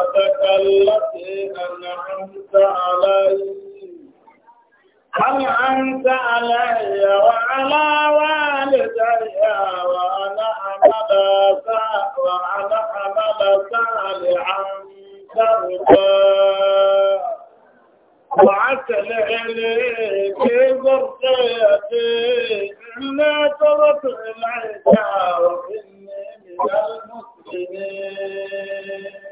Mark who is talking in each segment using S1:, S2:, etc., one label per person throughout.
S1: نعمتك التي أنعمت علي أنعمت علي وعلى والدي وأنا أعمل وأنا أعمل صالحا ترضى وعسل لي في ذريتي إلا ترك إليك وإني من المسلمين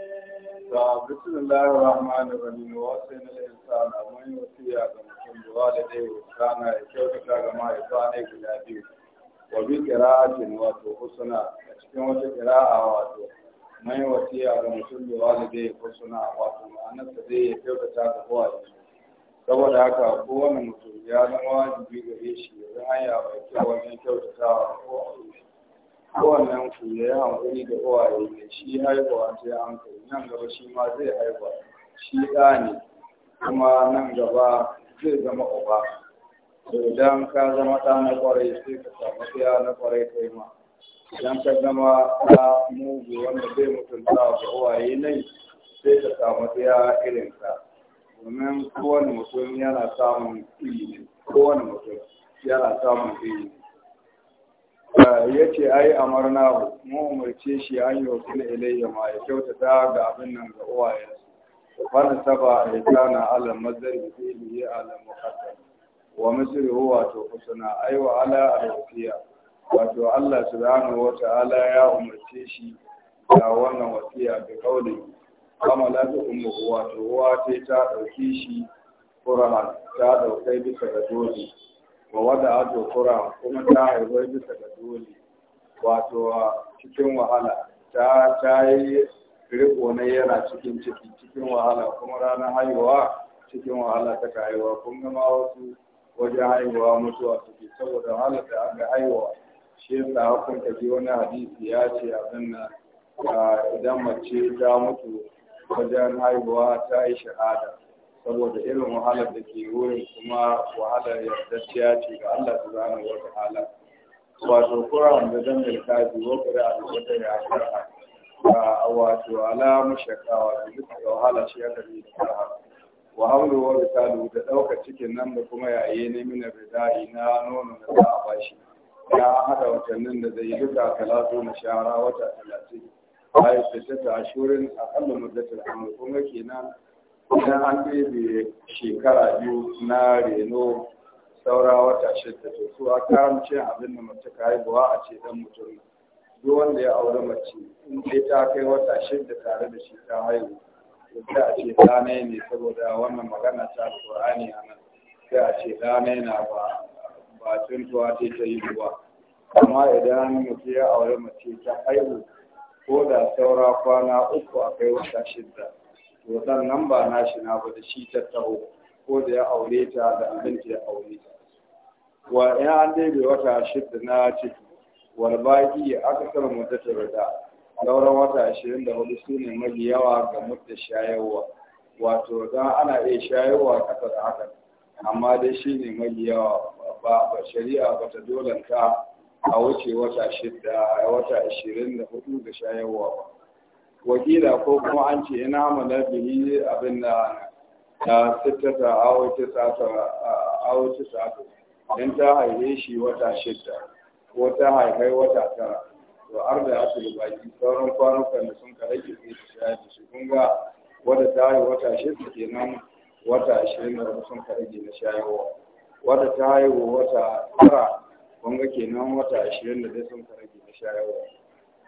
S2: بسم الله الرحمن الرحيم وصينا الإنسان من يوصيا كمسلم بوالديه وكان يكوتك كما يفعله بلا دي وفي قراءة واتو حسنا أشكي وجه قراءة واتو من يوصيا كمسلم بوالديه حسنا واتو معنى تدي يكوتك كبوالي
S1: saboda haka kowane
S2: mutum ya zama wajibi gare shi ya hanya mai kyau wajen kyautatawa ko a wannan ku ya yi hankali da uwaye ne shi haihuwa sai an kai. nan gaba shi ma zai haihuwa shi ɗa ne kuma nan gaba zai zama uba idan ka zama ɗa na kwarai sai ka samu ɗaya na kwarai kai ma idan ka zama ɗa mugu wanda zai mutunta ga uwaye ne sai ka samu ɗaya irin ka domin kowane mutum yana samun ilimi kowane mutum yana samun ilimi ya ce ai amarna mu umarce shi an yi wakil ilayya ma ya kyautata ga abin nan ga uwayensu wani saba ya kana ala mazari da yi yi ala mukaddam wa misri huwa to kusuna ai wa ala alwasiya wato Allah subhanahu wa ta'ala ya umarce shi da wannan wasiya da kauli kama la ta ummu wato uwa ta dauki shi Qur'an ta dauki bisa ga dole wa wada ajo kura kuma ta haifar bisa ga dole wato cikin wahala ta ta yi riko yana cikin ciki cikin wahala kuma ranar haihuwa cikin wahala ta haihuwa kun gama wasu wajen haihuwa mutuwa suke saboda wahala da aka haihuwa shi yasa hukun ka ji wani hadisi ya ce abin nan idan mace ta mutu wajen haihuwa ta yi shahada saboda irin wahalar da ke wurin kuma wahalar yardacciya ce ga Allah zana wata hala wato kura da zan milkafi wa kuri a rubuta ya fara a wato ala mashaka wato duk da wahala shi ya gari da fara wa hamlu wa risalu da ɗauka cikin nan da kuma yaye ne min ridai na nono na za a bashi ya hada watannin da zai duka talatu na shara wata talatin ayyuka ta shirin? a kallon muddatul hamlu kuma kenan idan an ɗebe shekara biyu na reno saura wata shidda to so a karamcin abin da mace ka haihuwa a ce dan mutum duk wanda ya aure mace in dai ta kai wata shidda tare da shi ta haihu sai a ce nai ne saboda wannan magana ta alƙur'ani a nan sai a ce nai na ba ba tun ta yi buwa amma idan mace ya aure mace ta haihu ko da saura kwana uku a kai wata shidda to sannan ba na shi na ba da shi ta ko da ya aure ta da abin da ya aure ta wa ya an dai bai wata shidda na ciki wal baki aka kar muddatar da. Lauran wata 24 su ne mafi yawa ga mutta shayarwa wato dan ana iya shayarwa ƙasar haka amma dai shi ne mafi yawa ba ba shari'a ba ta dolanta a wuce wata shidda wata 24 ga shayarwa ba wakila ko kuma an ce ina amala bihi abin da ta sittata awo tisata in ta haife shi wata shida ko ta haifai wata tara to arda asul baki sauran kwanukan da sun kare ki sai su shayar da kun ga wata ta haife wata shida kenan wata ashirin da sun kare na shayarwa wata ta haihu wata tara kun ga kenan wata ashirin da sun kare na shayarwa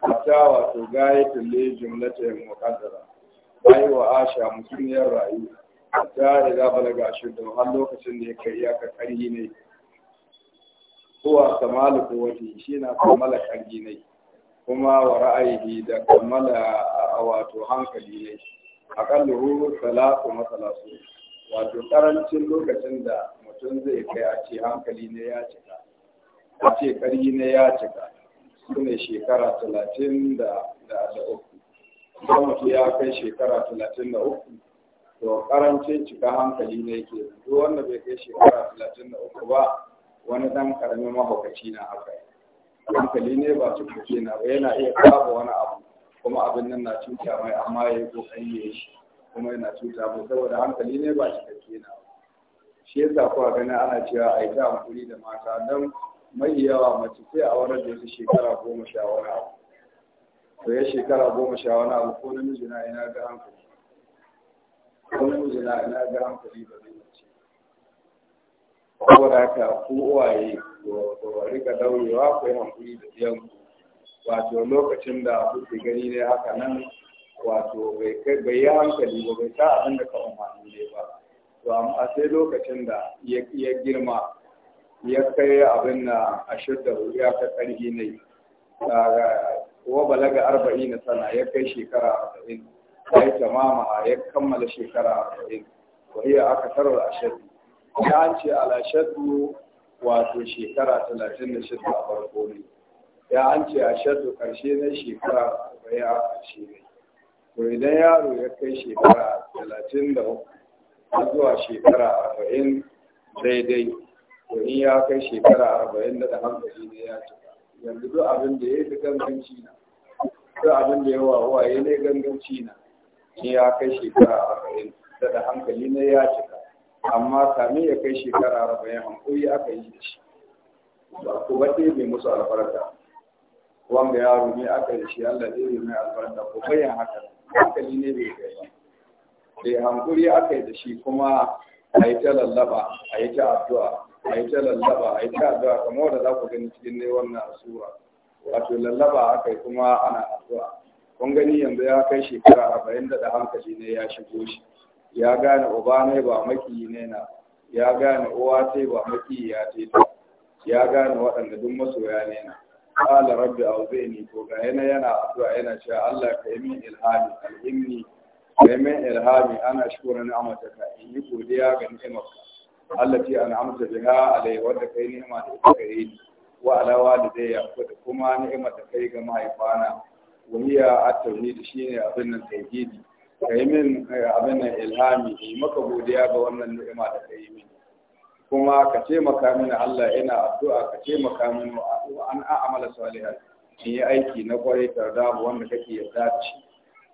S2: mata wato gayatul li jumlatin muqaddara bai wa asha mutumiyar rayu ta riga balaga da har lokacin da ya kai iyaka karhi ne huwa ko shi na kamala karhi ne kuma wa ra'ayi da kamala wato hankali ne aqallu salatu masalasu wato karancin lokacin da mutum zai kai a ce hankali ne ya cika a ce karhi ne ya cika su ne shekara talatin da uku don mutu ya kai shekara talatin da uku to karancin cika hankali ne ke duk wanda bai kai shekara talatin da uku ba wani dan karami mahaukaci na haka hankali ne ba su kuke na ba yana iya kaba wani abu kuma abin nan na cuta mai amma ya yi kokari ya shi kuma yana cuta mai saboda hankali ne ba shi kake na shi yasa kuwa gani ana cewa a yi ta hankuli da mata don mai yawa mace sai a wani da su shekara goma sha wani abu to ya shekara goma sha wani abu ko namiji na ina ga hankali ko namiji na ina ga hankali ba zai mace saboda haka ku uwaye ko rika daurewa ko yi hankali da biyan wato lokacin da kuke gani ne haka nan wato bai yi hankali ba bai sa abin da ka umarni ne ba to amma sai lokacin da ya girma ya kai abin na ashir da ya ka ƙarfi ne kuwa balaga arba'in na sana ya kai shekara arba'in ya yi tamama ya kammala shekara arba'in wa iya aka tarar ashir ya an ce alashadu wato shekara talatin da shida a farko ne ya an ce ashadu ƙarshe na shekara arba'in a ƙarshe ne to idan yaro ya kai shekara talatin da uku zuwa shekara arba'in daidai to ya kai shekara arba'in da hankali ne ya cika yanzu duk abin da ya yi ganganci na duk abin da ya wawa ya ne ganganci na in ya kai shekara arba'in da hankali ne ya cika amma kamin ya kai shekara arba'in hankali aka yi shi ba ku baɗe mai musu albarka wanda yaro ne aka yi shi Allah zai mai albarka ko bayan haka hankali ne bai kai ba hankali aka yi da shi kuma a yi ta lallaba a yi ta addu'a a yi ta lallaba a yi ta addu'a kamar da za ku gani cikin ne wannan asuwa wato lallaba aka yi kuma ana addu'a kun gani yanzu ya kai shekara arba'in da hankali ne ya shigo shi ya gane uba ne ba maki ne na ya gane uwa ce ba maki ya ce ta ya gane waɗanda duk masoya ne na qala rabbi awzini to ga yana yana addu'a yana cewa Allah ka yi min ilhami alhimni ka yi ilhami ana shukura ni'amataka in yi godiya ga ni'imarka allati an'amta biha alai wadda kai ni'ima da ita gare ni wa ala walidayya da kuma ni'ima da kai ga mahaifana wa hiya at-tauhid shine abin nan tauhidi kai min abin nan ilhami maka godiya ga wannan ni'ima da kai min kuma ka taimaka mini Allah ina addu'a ka taimaka mini an a'amala salihan in yi aiki na kwarai tarda wanda kake yarda da shi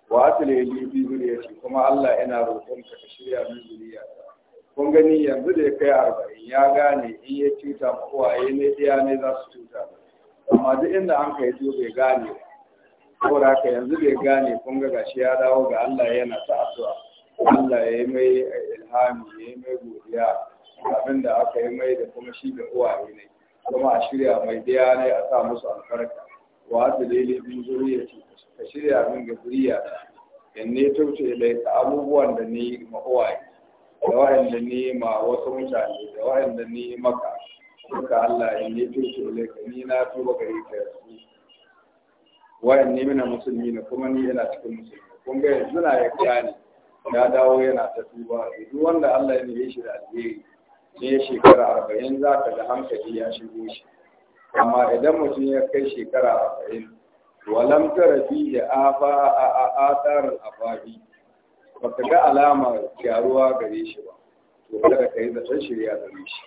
S2: wa asali li bi kuma Allah ina roƙon ka ka shirya min zuriyata kun gani yanzu da ya kai arba'in ya gane in ya cuta ma uwaye ne ɗaya ne za su cuta amma duk inda an kai to bai gane saboda haka yanzu bai gane kun ga gashi ya dawo ga Allah yana ta addu'a Allah ya yi mai ilhami ya yi mai godiya abin da aka yi mai da kuma shi da uwaye ne kuma a shirya mai ɗaya ne a sa musu albarka wa dalili bin zuriya ce ka shirya min ga zuriya in ne tauce da abubuwan da ni ma uwaye da wa'anda ni ma wasu mutane da wa'anda ni maka suka Allah in yi tuce ilaika ni na tuba yi ka yanzu wa'an ni mina musulmi ne kuma ni yana cikin musulmi kun ga yanzu na ya gane ya dawo yana ta tuba duk wanda Allah ya nemi shi da alheri ne shekara arba'in za ka da hankali ya shigo shi amma idan mutum ya kai shekara arba'in walam tara fi da afa a a a tsarin afafi ba ka ga alama gyaruwa gare shi ba to kada ka yi zaton shirya gare shi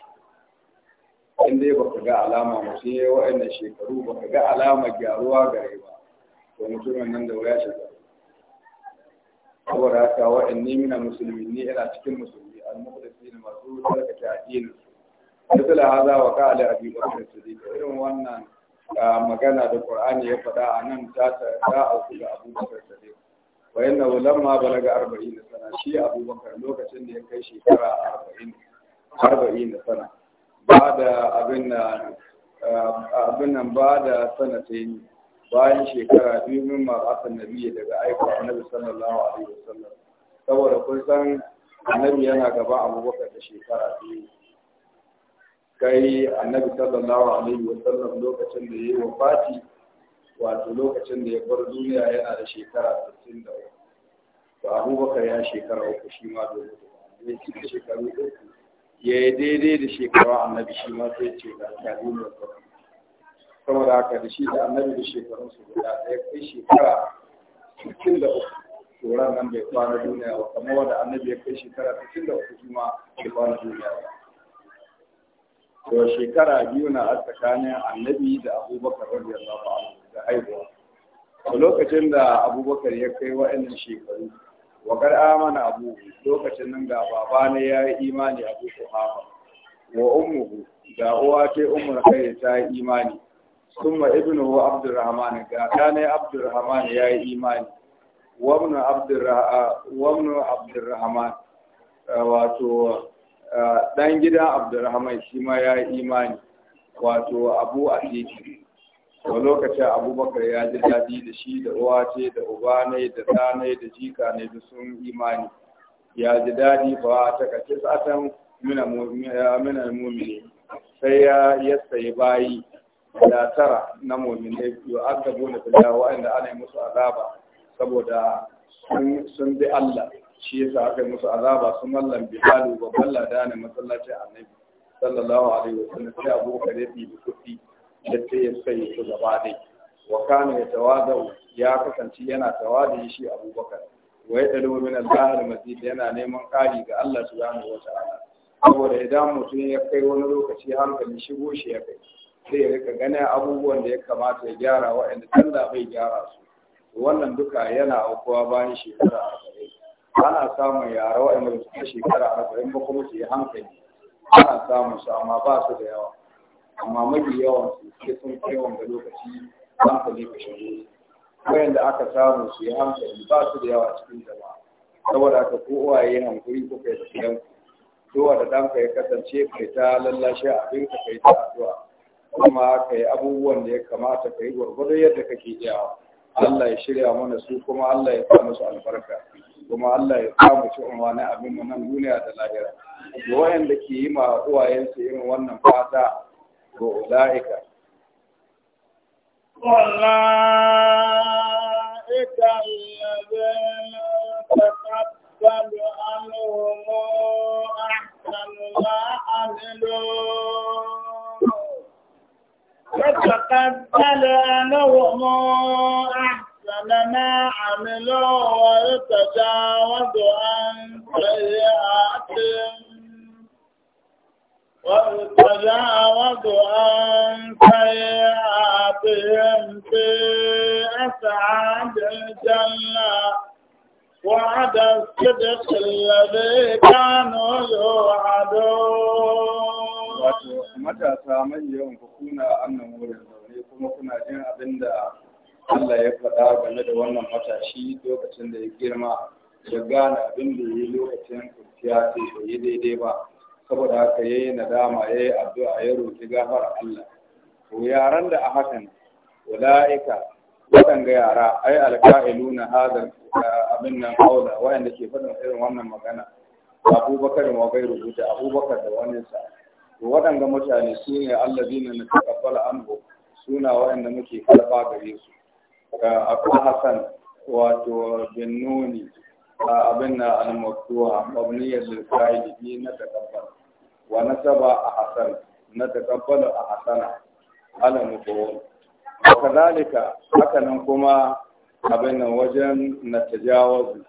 S2: in dai ba ka ga alama mutum ya yi wa'annan shekaru ba ka ga alama gyaruwa gare ba to mutumin nan da wuya shi zaru saboda haka wa'anni mina musulmi ne yana cikin musulmi al-muqdisi ne masu tsarkake addinin su haza wa ka ali abi bakr siddiq irin wannan ah, magana da qur'ani ya faɗa a nan ta ta auku ga abubakar sadiq fa yana lamma balaga arba'in sana shi abubakar lokacin da ya kai shekara arba'in arba'in sana ba da abin na nan ba da sanatai bayan shekara biyu min ma'asan nabiya daga aiko annabi sallallahu alaihi wasallam saboda kun san annabi yana gaba abubakar da shekara biyu kai annabi sallallahu alaihi wasallam lokacin da ya yi wafati wato lokacin da ya bar duniya yana da shekara 63
S1: to abubakar ya
S2: shekara uku shi ma dole ne shi shekaru uku ya yi daidai da shekaru annabi shi ma sai ce da alƙali ne saboda haka da shi da annabi da shekarun su guda ɗaya kai shekara cikin da uku tsoron nan bai kwana duniya ba kamar wanda annabi ya kai shekara cikin da uku kuma bai kwana duniya ba to shekara biyu na a tsakanin annabi da abubakar radiyallahu anhu da haihuwa a lokacin da abubakar ya kai wa'annan shekaru wa wakar amana abu lokacin nan ga baba ne ya yi imani abu kuhafa wa ummuhu ga uwa ta ummul khair ta yi imani kuma ibnuhu abdurrahman ga ɗane abdurrahman ya yi imani wa ibnu abdurrahman wato dan gida abdurrahman shi ma ya yi imani wato abu asiki a lokacin abubakar ya ji daɗi da shi da uwa ce da uba ne da ta ne da jika ne da sun imani ya ji daɗi ba ta kace satan mina mumini sai ya sayi bayi da tara na mumini yau aka bude fila wa'anda ana yi musu azaba saboda sun bi Allah shi yasa aka yi musu azaba sun mallan halu babban lada ne masallacin annabi sallallahu alaihi wasallam sai abubakar ya fi kuɗi yadda ya yi su gaba dai wa kana ya tawada ya kasance yana tawada shi abubakar wa ya dalu min al-bahar mazid yana neman kari ga Allah subhanahu wa ta'ala saboda idan mutum ya kai wani lokaci hankali shigo shi ya kai sai ya rika ganin abubuwan da ya kamata ya gyara waɗanda talla bai gyara su wannan duka yana aukuwa bayan shekara arba'in ana samun yara waɗanda suka shekara arba'in ba kuma su yi hankali ana samun su amma ba su da yawa amma mafi yawan ke sun kai wanga lokaci ba ka ne ka wayan wayanda aka samu su yi hankali ba su da yawa cikin jama'a saboda aka ko uwaye hankali ko kai da ɗan zuwa da ɗanka ya kasance kai ta lallashe abin ka kai ta addu'a kuma kai abubuwan da ya kamata ka yi gwargwado yadda kake iya Allah ya shirya mana su kuma Allah ya sa musu albarka kuma Allah ya sa mu ci unwani abin mu nan duniya da lahira wayanda ke yi ma uwayensu irin wannan fata ga ulaika Ìjọba
S1: ọ̀rọ̀ ọ̀rọ̀ ọ̀rọ̀ ọ̀rọ̀ ọ̀rọ̀ ọ̀rọ̀ ọ̀rọ̀ ọ̀rọ̀ ọ̀rọ̀ ọ̀rọ̀ ọ̀rọ̀ ọ̀rọ̀ ọ̀rọ̀ ọ̀rọ̀ ọ̀rọ̀ ọ̀rọ̀ وتجاوز عن سيئاتهم في أسعاد الجنة وعد الصدق الذي
S2: kuma kuna jin abin da Allah ya faɗa game da wannan matashi lokacin da ya girma ya gane abin da ya yi lokacin kurciya sai yi daidai ba saboda haka yayi nadama yayi addu'a ya roki gafara Allah to yaran da a hakan ulaika waɗanga yara ai alqa'iluna hadal eh, abin nan qawla wa'anda ke faɗin irin wannan magana abubakar ma bai rubuta abubakar da wani sa to waɗanga mutane su ne allazina na taqabbala anhu suna waɗanda muke karɓa gare su eh, akwai hasan wato binnuni abin na al-maftuha mabniyyar lil-fa'il bi na takabbal wa nasaba a hasan na takabbal a hasana ala mutawal wa kadalika haka nan kuma abin nan wajen na tajawuz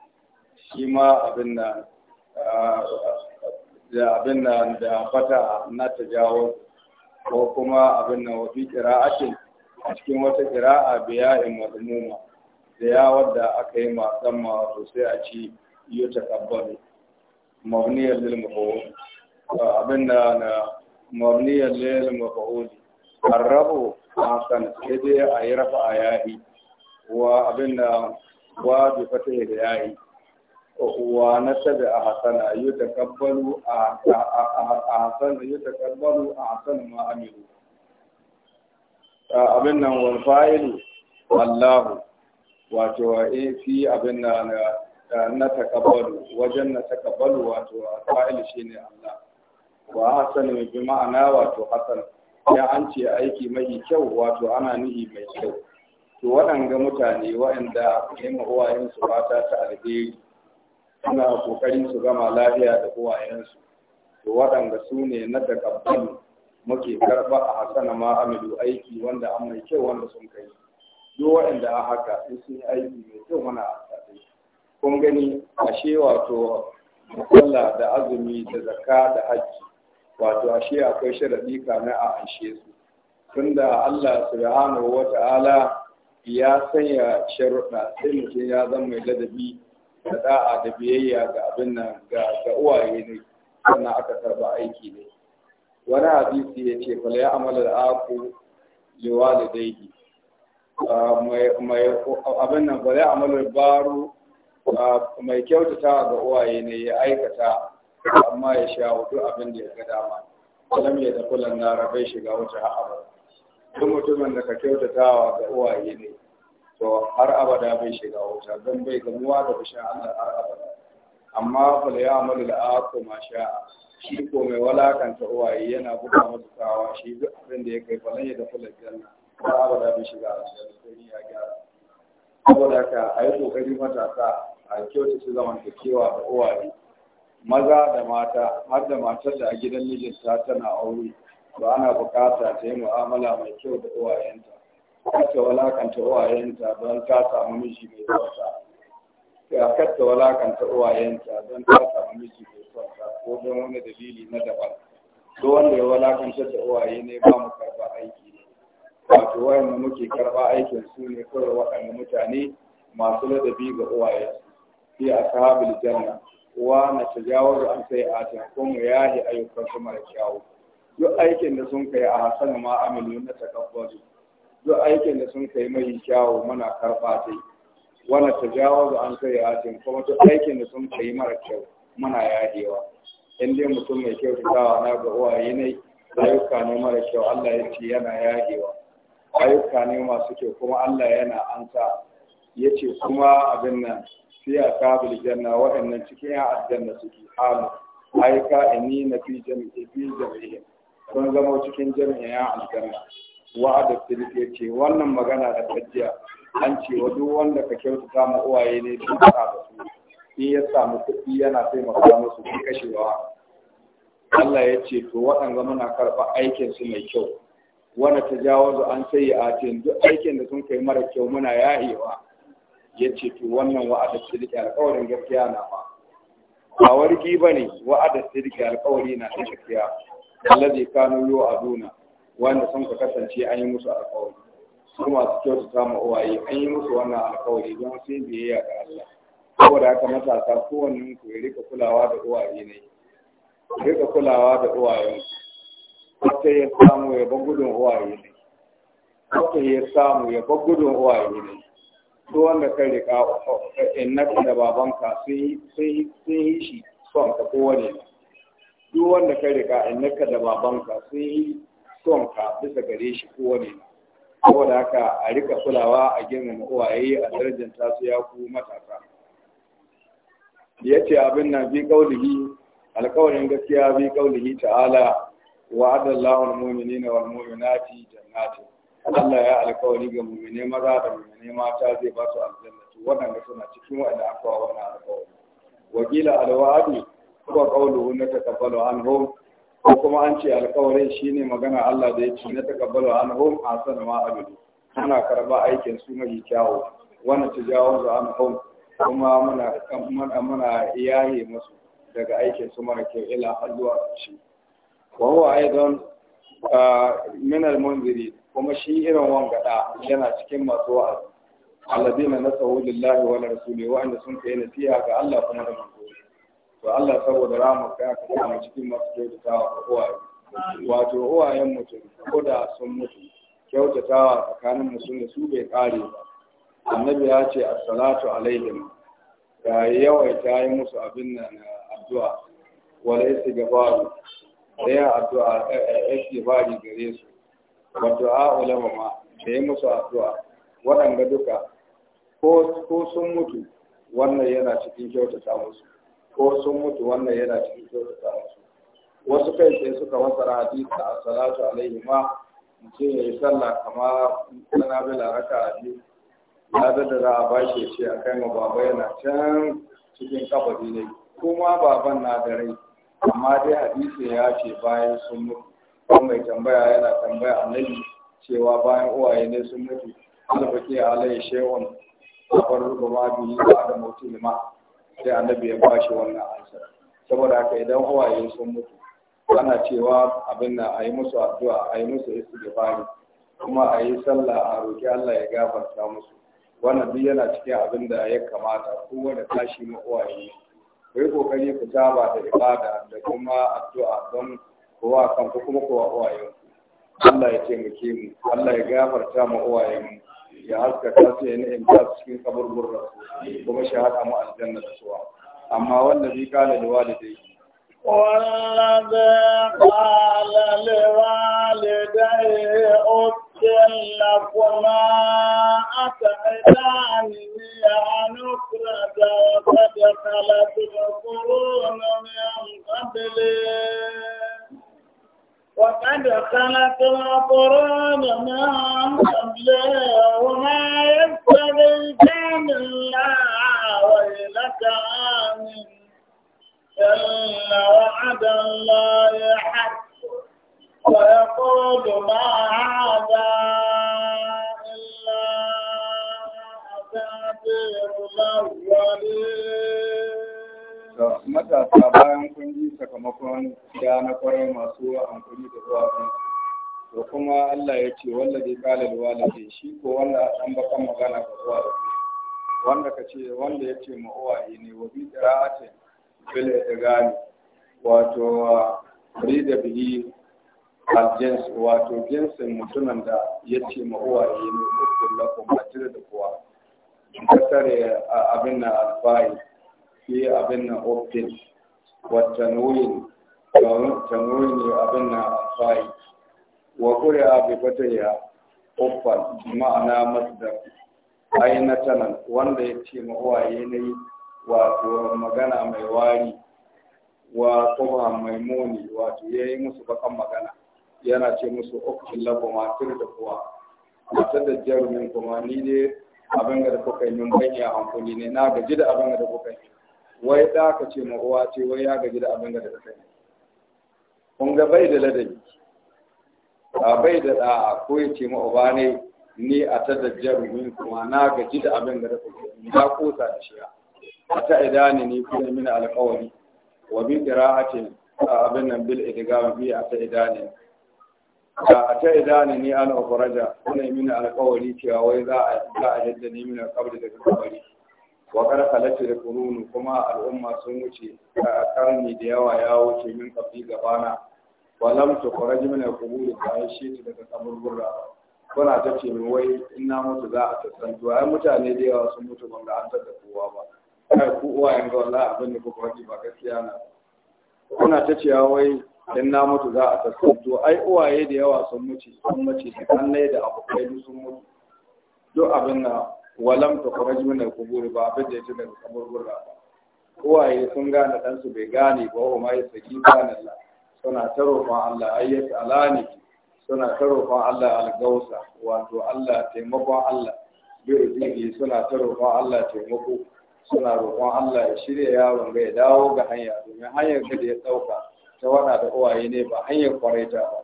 S2: shi ma abin nan da abin nan da fata na tajawuz ko kuma abin nan wa fi a cikin wata biya biya'in madmuma da ya wadda aka yi masan masu sai a ci yi ta mabniyar mawuniyar mafa'ul abin da na mabniyar lil mafa'ul arrabu a sai dai a yi rafa a yahi wa abin da wa bi fata da yahi wa na tabi a hasana yi takabbalu a hasana yi takabbalu a hasana ma amiru abin nan wani fa'ilu Allahu wato a eh, fi abin na na takabalu wajen na takabalu wato a fa'il shi ne Allah wa sani bi ma'ana wato hasan ya an ce aiki mai kyau wato ana nihi mai kyau to waɗanga mutane waɗanda ma uwayensu fata ta alheri suna ƙoƙarin su gama lafiya da uwayensu to waɗanda su ne na takabalu muke karɓa a hasana ma amilu aiki wanda an mai kyau wanda sun kai duk waɗanda a haka in sun yi aiki mai kyau mana a sadai kun gani ashe wato sallah da azumi da zakka da hajji wato ashe akwai sharaɗi kamar a anshe su tunda Allah subhanahu wa ta'ala ya sanya sharuɗa sai mutum ya zama mai ladabi da da'a da biyayya ga abin nan ga uwaye ne sannan aka karba aiki ne wani hadisi ya ce fala ya amala da aku liwalidaihi mai abin nan bale amalar baro mai kyautata ga uwaye ne ya aikata amma ya sha hudu abin da ya ga dama kalam ya tafi lannara bai shiga wuta abada duk mutumin da ka wa ga uwaye ne to har abada bai shiga wuta don bai gamuwa da bishin Allah har abada amma fal ya amalu al'aqu ma sha'a shi ko mai walakanta uwaye yana buga musu tsawa shi duk abin da ya kai falon ya tafi lannara ba abada bai shiga aljanna sai ya gyara saboda haka a yi kokari matasa a kyauta su zaman kewa da uwaye maza da mata har da matar da a gidan mijinta tana aure ba ana bukata ta yi mu'amala mai kyau da uwayenta kata walakanta uwayenta don ta samu miji mai kwanta Ta kata walakanta uwayenta don ta samu miji mai ta, ko don wani dalili na daban duk wanda ya walakanta da uwaye ne ba mu karba aiki wato wayanda muke karba aikin su ne kawai waɗanda mutane masu ladabi ga uwayensu fi ashabul janna wa na tajawazu an sai ta ko mu yahi ayyukan su mara kyawu duk aikin da sun kai a hasan ma amilu na takabbazu duk aikin da sun kai mai kyawu muna karba dai wala tajawazu an sai atin kuma duk aikin da sun kai mara kyau muna yadewa in dai mutum mai da na ga uwaye ne ayyuka ne mara kyau Allah ya ce yana yadewa ayyuka ne masu kyau kuma Allah yana ansa ce kuma abin nan fi ashabul janna waɗannan cikin ya aljanna suke halu ayyuka yi na fi jami'i fi jami'i sun zama cikin jami'i ya aljanna filip ya ce wannan magana da tajiya an ce wa wanda ka kyautata ma uwaye ne sun faɗa da su in ya samu kuɗi yana taimaka musu kashewa Allah ya ce to waɗanda muna karɓa aikinsu mai kyau wanda ta jawazu an sai a ce duk aikin da sun kai mara kyau muna yayewa ya ce to wannan wa'ada da alƙawarin gaskiya na ba ba wargi ba ne wa'ada da alƙawari na da gaskiya allazi kanu yo aduna wanda sun ka kasance an yi musu alƙawari su masu su samu uwaye an yi musu wannan alƙawari don sai biyayya ga Allah saboda haka matasa kowanne ku ya rika kulawa da uwaye ne rika kulawa da uwayen ku wata ya samu ya ba gudun uwaye ne wata ya samu ya ba gudun uwaye ne duk wanda ka riƙa innaka da babanka sun yi shi son ka kowane duk wanda ka riƙa innaka da babanka sun yi son ka bisa gare shi kowane ne saboda haka a rika kulawa a girmama uwaye a darajar tasu ya ku matasa ya ce abin na bi kaulihi alkawarin gaskiya bi kaulihi ta'ala وعد الله المؤمنين والمؤمنات جنات Allah ya alkawari ga mummune maza da mummune mata zai ba su aljannatu waɗanda suna cikin waɗanda aka wa wannan alkawari wakila alwa'adu ko qawlu hunna takabbalu anhum ko kuma an ce alƙawarin shine magana Allah da ya ce na takabbalu anhum asana ma abudu ana karba aikin su mai kyawu wannan tijawazu anhum kuma muna muna iyaye musu daga aikin su mara kyau ila hajjuwa shi wawa don minal munziri kuma shi irin gada yana cikin masu wa'azi alladina nasahu lillahi wa rasuli wa'anda sun kai nasiha ga Allah kuma da manzo to Allah saboda rahama ka ka samu cikin masu kyautatawa ga uwaye wato uwayen mutum ko da sun mutu kyautatawa tsakanin mutum da su bai kare ba annabi ya ce assalatu alaihim ga yawaita yi musu abin nan addu'a wala istighfaru da ya addu'a yake bari gare su wato a ulama ma da yi musu addu'a waɗanda duka ko sun mutu wannan yana cikin kyautata musu ko sun mutu wannan yana cikin ta musu wasu kai sai suka wasa hadisi a salatu alaihi ma mutum ya yi sallah kama sana bila raka a biyu ladar da za a bashi ce a kai ma baba yana can cikin kabari ne kuma baban na da rai amma dai hadisi ya ce bayan sun mutu ko mai tambaya yana tambaya annabi cewa bayan uwaye ne sun mutu albaki alai shehun abar ma biyu da mutu lima sai annabi ya bashi wannan ansa saboda haka idan uwaye sun mutu ana cewa abin nan a yi musu addu'a a yi musu istighfari kuma a yi sallah a roki Allah ya gafarta musu wannan duk yana cikin abin da ya kamata da tashi na uwaye ku yi kokari ku saba da ibada da kuma addu'a don kowa kan ku kuma kowa uwaye Allah ya taimake mu Allah ya gafarta mu uwaye mu ya ta su ya in ta cikin kaburburra kuma shahada mu aljanna da suwa amma wanda bi kala da walidai
S1: والذي قال لوالديه
S2: ma'ana masdar ainatanan wanda ya ce mawaye ne wato magana mai wari wa kuma mai muni wato ya yi musu bakan magana yana ce musu ukun lagu matar da kuwa matar da jarumin kuma ni ne abin da kuka yi min a hankali ne na gaji da abin da kuka yi wai da ka ce ma uwa ce wai ya gaji da abin da kuka yi kun ga bai da ladabi a bai da da ko ya ce ma uba ne ni a ta dajjar min kuma na gaji da abin da kuke na kosa da shi a ta ne ne kuma min alƙawari wa bi a abin nan bil idgham bi a ta idani a ta ne ni an ukhraja kuma min alƙawari cewa wai za a za a yadda ni min alƙawari daga kabari wa kar halatu da kurunu kuma al'umma sun wuce a karni da yawa ya wuce min kafi gabana walam tukhraj min al-qubur fa shi daga kaburbura kuna ta ce wai in na mutu za a tattantu ai mutane da yawa sun mutu ban ga an tattata kowa ba kai ku uwa yanga wallahi abin da kuka wani ba gaskiya na kuna ta cewa wai in na mutu za a tattantu ai uwaye da yawa sun mutu sun mace da kannai da abokai duk sun mutu duk abin na walam ta kuma ji al-kubur ba abin da yake daga kaburbura ba uwaye sun gane ɗansu bai gane ba ma mai saki ba Allah suna ta roƙon Allah ayyata alani suna ta roƙon Allah algausa wato Allah taimakon Allah biyu suna ta roƙon Allah taimako suna roƙon Allah ya shirya yaron ga ya dawo ga hanya domin hanyar da ya ɗauka ta wada da uwaye ne ba hanyar kwaraita ba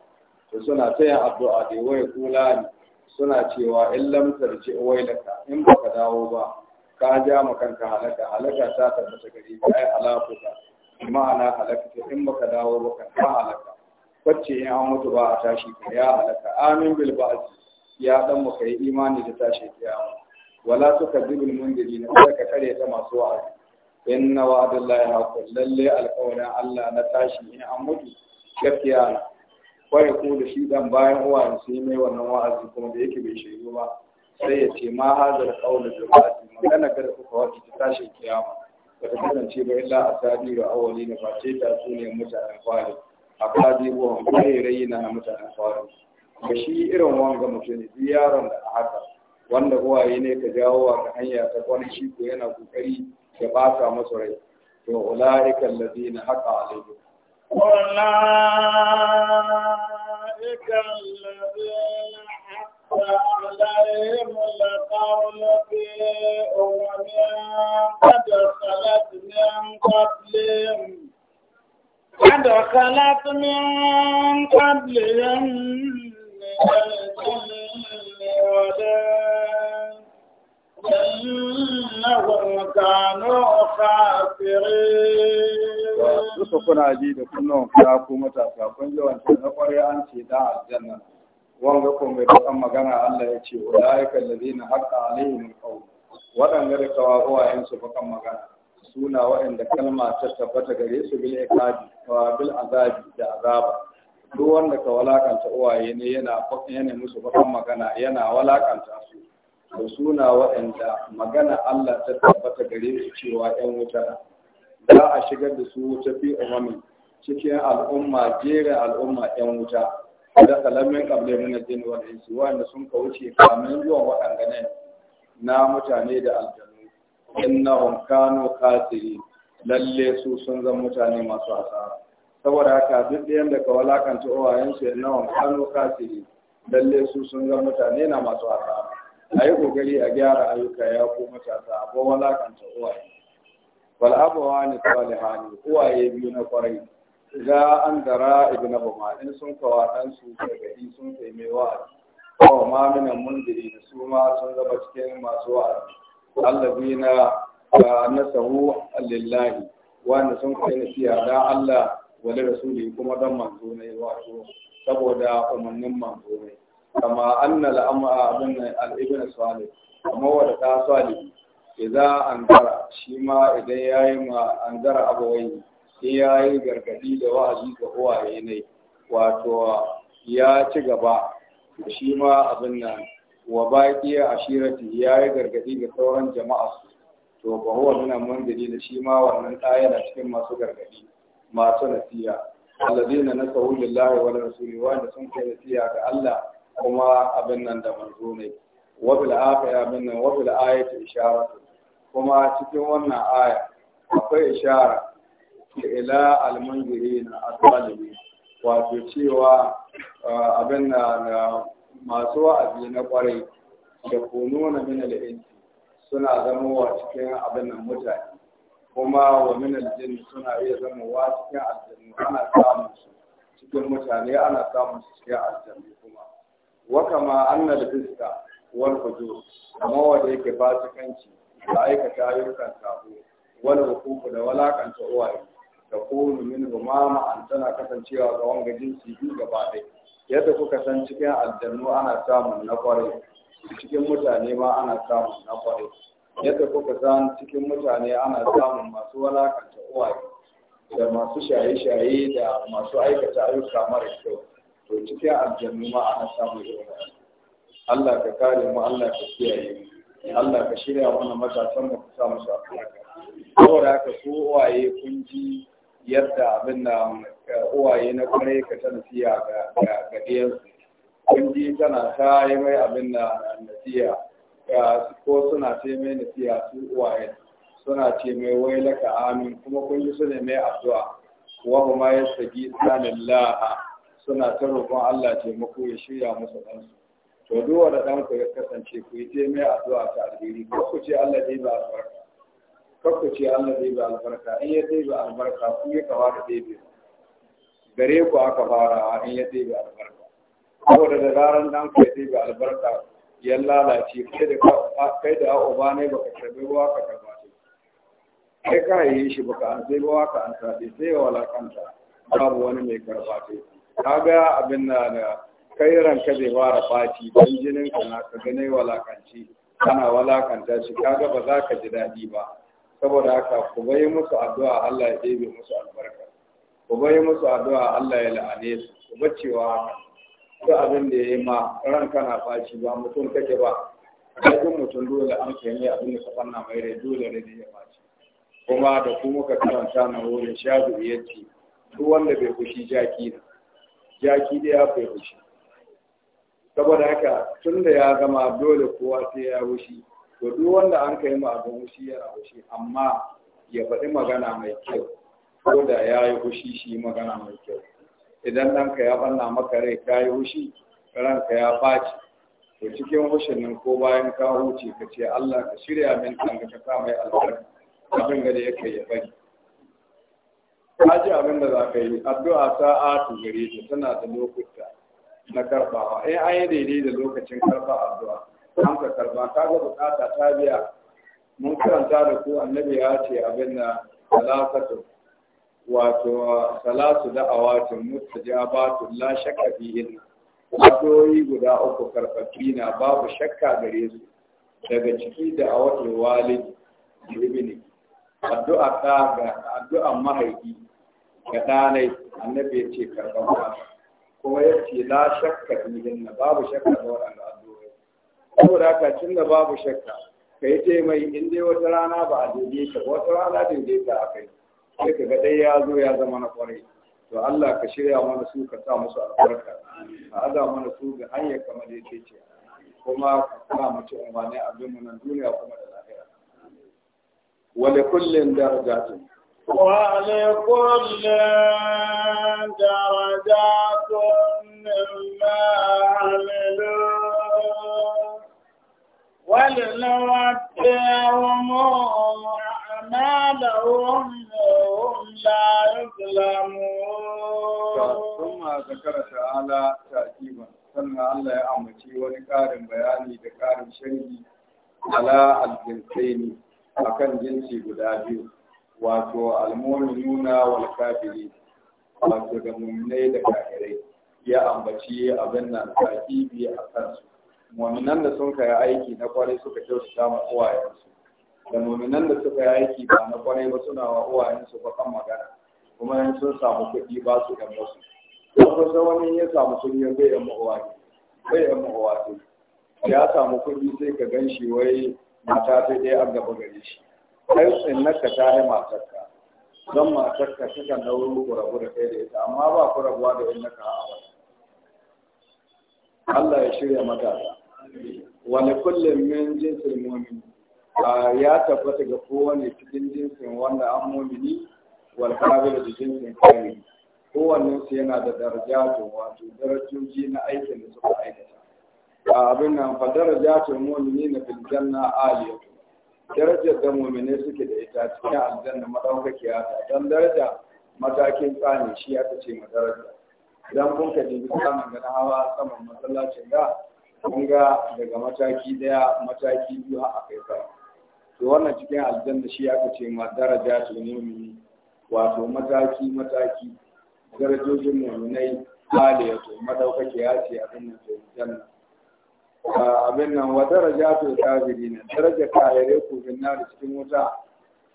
S2: to suna ta yin addu'a da waya kula ne suna cewa in lam tarji wailaka in baka dawo ba ka ja makanka halaka halaka ta tabbata gari kai halakuka ma'ana halaka in baka dawo ba ka halaka wacce in an mutu ba a tashi ka ya halaka amin bil ba'd ya dan mu kai imani da tashi kiyama wala tukadibul mundiri na kada ka kare ta masu wa'azi inna wa'dallahi haqqun lalle alqawlan Allah na tashi in an mutu gaskiya ko ko da shi dan bayan uwan sai mai wannan wa'azi kuma da yake bai shaidu ba sai ya ce ma hazar qawlu bil ba'd magana kada kuka wa'azi ta tashi kiyama ba kasance ba illa asadiru awwalina ba ce ta sunan mutanen kwari a kaji ko rairayi na mutanen faru ba shi irin wanga mutum ne yaron da a haka wanda uwaye ne ka jawo a hanya ta kwanan shi ko yana kokari ya bata masu rai to ulaika allazina haqa alaihim
S1: أولئك الذين حق عليهم القول في أمم قد خلت من قبلهم قد خلت من قبلهم من الجن والناس إنهم كانوا خاسرين.
S2: Duka kuna ji da kunnuwan fara ko tafiya, kun ji wancan na kwarai an ce da aljanna wanga ko mai bakan magana Allah ya ce wa la'ikal ladina haqqa alaihim alqawl waɗanda da kawo uwayensu bakan magana suna waɗanda kalma ta tabbata gare su bil ikadi wa bil azabi da azaba duk wanda ka walakanta uwaye ne yana yana musu bakan magana yana walakanta su to suna waɗanda magana Allah ta tabbata gare su cewa ɗan wuta za a shigar da su wuta fi umamin cikin al'umma jere al'umma ɗan wuta da kalamin kable mun jin wal wanda sun kawuce wuce kamin zuwa waɗanda ne na mutane da aljanu innahum kanu khasiri lalle su sun zama mutane masu asara saboda haka duk ɗayan da ka walakanta uwayen su innahum kanu khasiri lalle su sun zama mutane na masu asara a yi kokari a gyara ayyuka ya ko matasa a ko walakanta uwaye wal abawani salihani uwaye biyu na kwarai za an dara ibnahuma in sun kawa dan su gargadi sun kai mai wa'azi ko ma minan mundiri da su ma sun zama cikin masu wa'azi allazina nasahu lillahi wanda sun kai nasiya da Allah wa li rasuli kuma dan manzo ne wato saboda umarnin manzo ne kama anna al'amma abin al-ibn salih kama wanda ta salih idza anzara shi ma idan yayi ma anzara abawai sai gargadi da wa'azi ga uwaye ne wato ya ci gaba shi ma abin wa baqiya ashirati yi gargadi ga sauran jama'a to ba huwa min munziri da shi ma wannan ɗaya na cikin masu gargadi masu nasiha na nasahu lillahi wa rasuli wa da sun kai nasiha ga Allah kuma abin nan da manzo ne wa bil akhirah min nan wa bil ayati isharatu kuma cikin wannan aya akwai ishara ila al-munzirina as wato cewa eh, abin na eh, masu wa'azi na kwarai da kuno nuna min al-insi suna wa cikin abin nan mutane kuma wa min al suna iya wa cikin aljannu ana samun su cikin mutane ana samun su cikin aljannu kuma wa kama anna al-fiska wal fujur amma wanda yake fasikanci da aikata ayyukan sabo wal hukuku da walakanta uwaye da kunu min ma ma'an tana kasancewa ga wanga jinsi biyu gaba ɗaya yadda kuka san cikin aljannu ana samun na kware cikin mutane ma ana samun na kware yadda kuka san cikin mutane ana samun masu walakanta uwaye da masu shaye-shaye da masu aikata ayyuka mara kyau to cikin aljannu ma ana samun irin Allah ka kare mu Allah ka kiyaye mu Allah ka shirya mana matasan mu ka sa musu albarka saboda haka su uwaye kun ji yadda abin nan uwaye na kwarai ka ta nasiya ga ɗiyansu kun ji tana ta yi mai abin da nasiya ko suna ce mai nasiya su uwaye suna ce mai wai laka amin kuma kun ji su ne mai addu'a wa kuma ya sagi tsanin la'a suna ta roƙon Allah taimako ya shirya musu ɗansu to duk wanda ɗanku ya kasance ku yi ce mai addu'a ta alheri ko ku ce Allah dai ba albarka ko ku ce Allah dai ba albarka in ya dai ba albarka ku yi kawa da dai ba gare ku aka fara in ya ɗebe albarka saboda da zaran dan ku ya ɗebe albarka ya lalace kai da kai da uba ne baka karbi ruwa ka karba shi kai ka yi shi baka an sai ruwa ka an sai sai ya kanta babu wani mai karba shi kaga abin na da kai ranka zai fara faci don jinin ka na ka gane walakanci kana walakanta shi kaga ba za ka ji daɗi ba saboda haka ku bai musu addu'a Allah ya ɗebe musu albarka ku bai musu addu'a Allah ya la'ane su ku bacewa haka duk abin da ya yi ma ran kana faci ba mutum kake ba aikin mutum dole an kai ne abin da kafan na mai dole ne da ya faci kuma da ku muka karanta na wurin shagu ya ce duk wanda bai fushi jaki na jaki da ya bai fushi saboda haka tun da ya zama dole kowa sai ya wushi to duk wanda an kai ma abin wushi ya wushi amma ya faɗi magana mai kyau ko da ya yi hushi shi magana mai kyau idan ɗanka ya ɓanna maka rai ka yi hushi ranka ya ɓaci to cikin hushin nan ko bayan ka huce ka ce Allah ka shirya min kan ka ta mai albarka abin da yake ya bari ka ji abin da za ka yi addu'a sa'atu gare ta tana da lokuta na karɓawa in eh, an yi daidai da lokacin karba addu'a an ka karɓa ka ga bukata ta biya mun karanta da ku annabi ya ce abin da talakatu wato salatu da da'awatin mustajabatun la shakka fihin addu'o'i guda uku karfafi na babu shakka gare su daga ciki da awatul walid ibni addu'a ta ga addu'a mahaifi ga ɗanai annabi ce karfafa kuma ya ce la shakka fihin babu shakka ga waɗanda addu'o'i saboda haka tun da babu shakka kai dai mai in dai wata rana ba a daidai ka wata rana daidai ka a kai sai ka ga dai ya zo ya zama na kwarai to Allah ka shirya mana su ka sa musu albarka ka aza mana su ga hanyar kamar da yake ce kuma ka sa mace umarni abin mu nan duniya kuma da lahira wa li kullin ne
S1: wa li kullin darajatun ce amilu ولنوفيهم أعمالهم وهم لا يظلمون
S2: ثم ذكر تعالى تأكيدا sannan Allah ya amince wani ƙarin bayani da ƙarin sharhi ala aljinsaini akan jinsi guda biyu wato almu'minuna wal kafiri wato da da kafirai ya ambaci abin nan takibi a da sun kai aiki na kwarai suka kyautata ma uwayensu da muminan da suka yi aiki ba na kwarai ba suna wa uwayensu kan magana kuma yan sun samu kuɗi ba su ɗan wasu don sai wani ya samu kuɗi bai yan ma'uwaye bai yan ma'uwaye ya samu kuɗi sai ka gan shi wai mata ta ɗaya an gaba gare shi kai tsinnaka ta yi matarka don matarka ta kan nauru ku rabu da kai da ita amma ba ku rabuwa da naka a wata Allah ya shirya matasa wani kullum min jinsin mumini ya tabbata ga kowane cikin jinsin wanda an mumini wal kafir da jinsin kafiri kowanne su yana da to wato darajoji na aikin da suka aikata abin nan fa darajatu mumini na fil janna aliyatu darajar da mumini suke da ita cikin aljanna madaukakiya ta dan daraja matakin tsani shi aka ce ma daraja idan kun ka dibi samun ga hawa saman masallacin da kun ga daga mataki daya mataki biyu har a kai sama to wannan cikin aljanna shi aka ce ma daraja ta mu'mini wato mataki mataki darajojin mu'minai ya to madaukake ya ce abin nan to A abin nan wa daraja ta kafirina daraja kafire ku binna da cikin wuta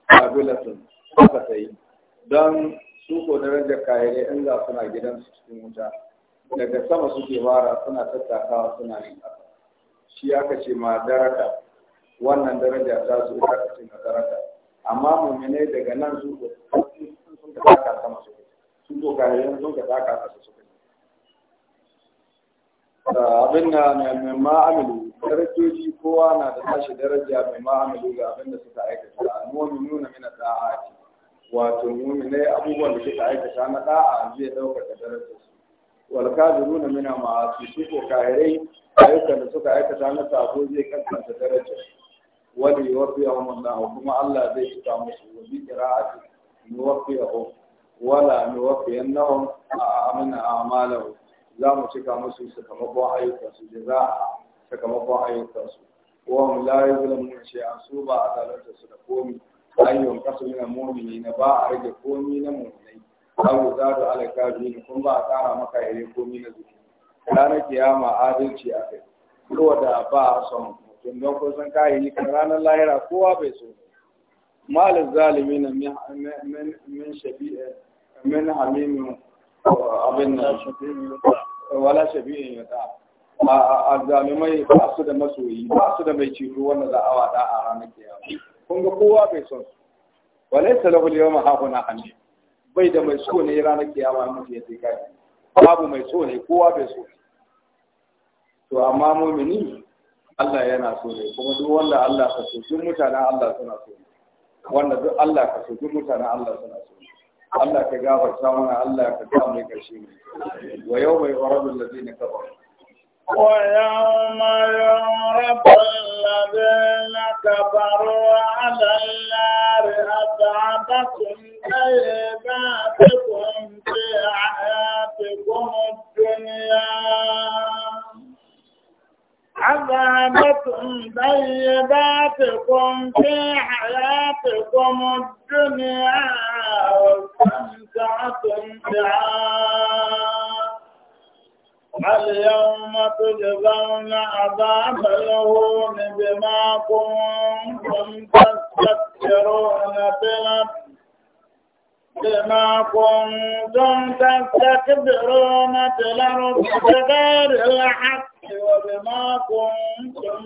S2: kabilatun haka sai dan don su ko darajar kayare in za suna su cikin wuta daga sama suke fara suna tattakawa suna yin shi aka ce ma daraka wannan daraja ta su ta kace na daraja amma mu'mine daga nan su ko sun ka taka sama su su ko ga yan sun ka taka kasa su abin da mai ma'amilu darajoji kowa na da tashi daraja mai ma'amilu ga abin da suka aikata mu'minu na mina da'ati wato mu'mine abubuwan da suka aikata na da'a zai daukar da darajar su wal kafiruna mina ma su ko kahirai ayyukan da suka aikata na sabo zai kaskanta darajar su wani yuwaffiyahum Allah kuma Allah zai cika musu a kira wani wa bi qira'ati yuwaffiyahum wala a amina a a'malahum za mu cika musu sakamakon ayyukansu jaza'a sakamakon ayyukansu wahum la yuzlamun shay'an su ba a zalunta su da komi ayyukan kasu na mu'mini na ba a rage komi na mu'minai abu za ta alakabi ne kun ba a tsara maka yare komi na zuci ranar kiyama adalci a kai kowa da ba a son kin ga ko san kai kan ranar lahira kowa bai so mal zalimin min min shabi'a min hamimin abin nan wala shabi'in yata a zalimai ba su da masoyi ba su da mai ceto wanda za a wada a ranar kiyama kun ga kowa bai son su walaysa da al-yawma hahuna hamim bai da mai so ne ranar kiyama mutum ya sai kai babu mai so ne kowa bai so to amma mumini Allah yana so ne kuma duk wanda Allah ka so duk mutanen Allah suna so ne wanda duk Allah ka so duk mutanen Allah suna so ne Allah ka gafarta mana Allah ka sa mu karshe ne wa yau yawma yu'radu
S1: alladhina kafaru ويوم يعرض الذين كفروا على النار أتعبكم طيباتكم في حياتكم الدنيا عذابكم بيداتكم في حياتكم الدنيا واستمتعتم بعاد اليوم تجزون عذاب الهون بما كنتم تستكبرون في الأرض Dama kuntum tastakbiruna fil ardi bighairi al-haqq wa bima kuntum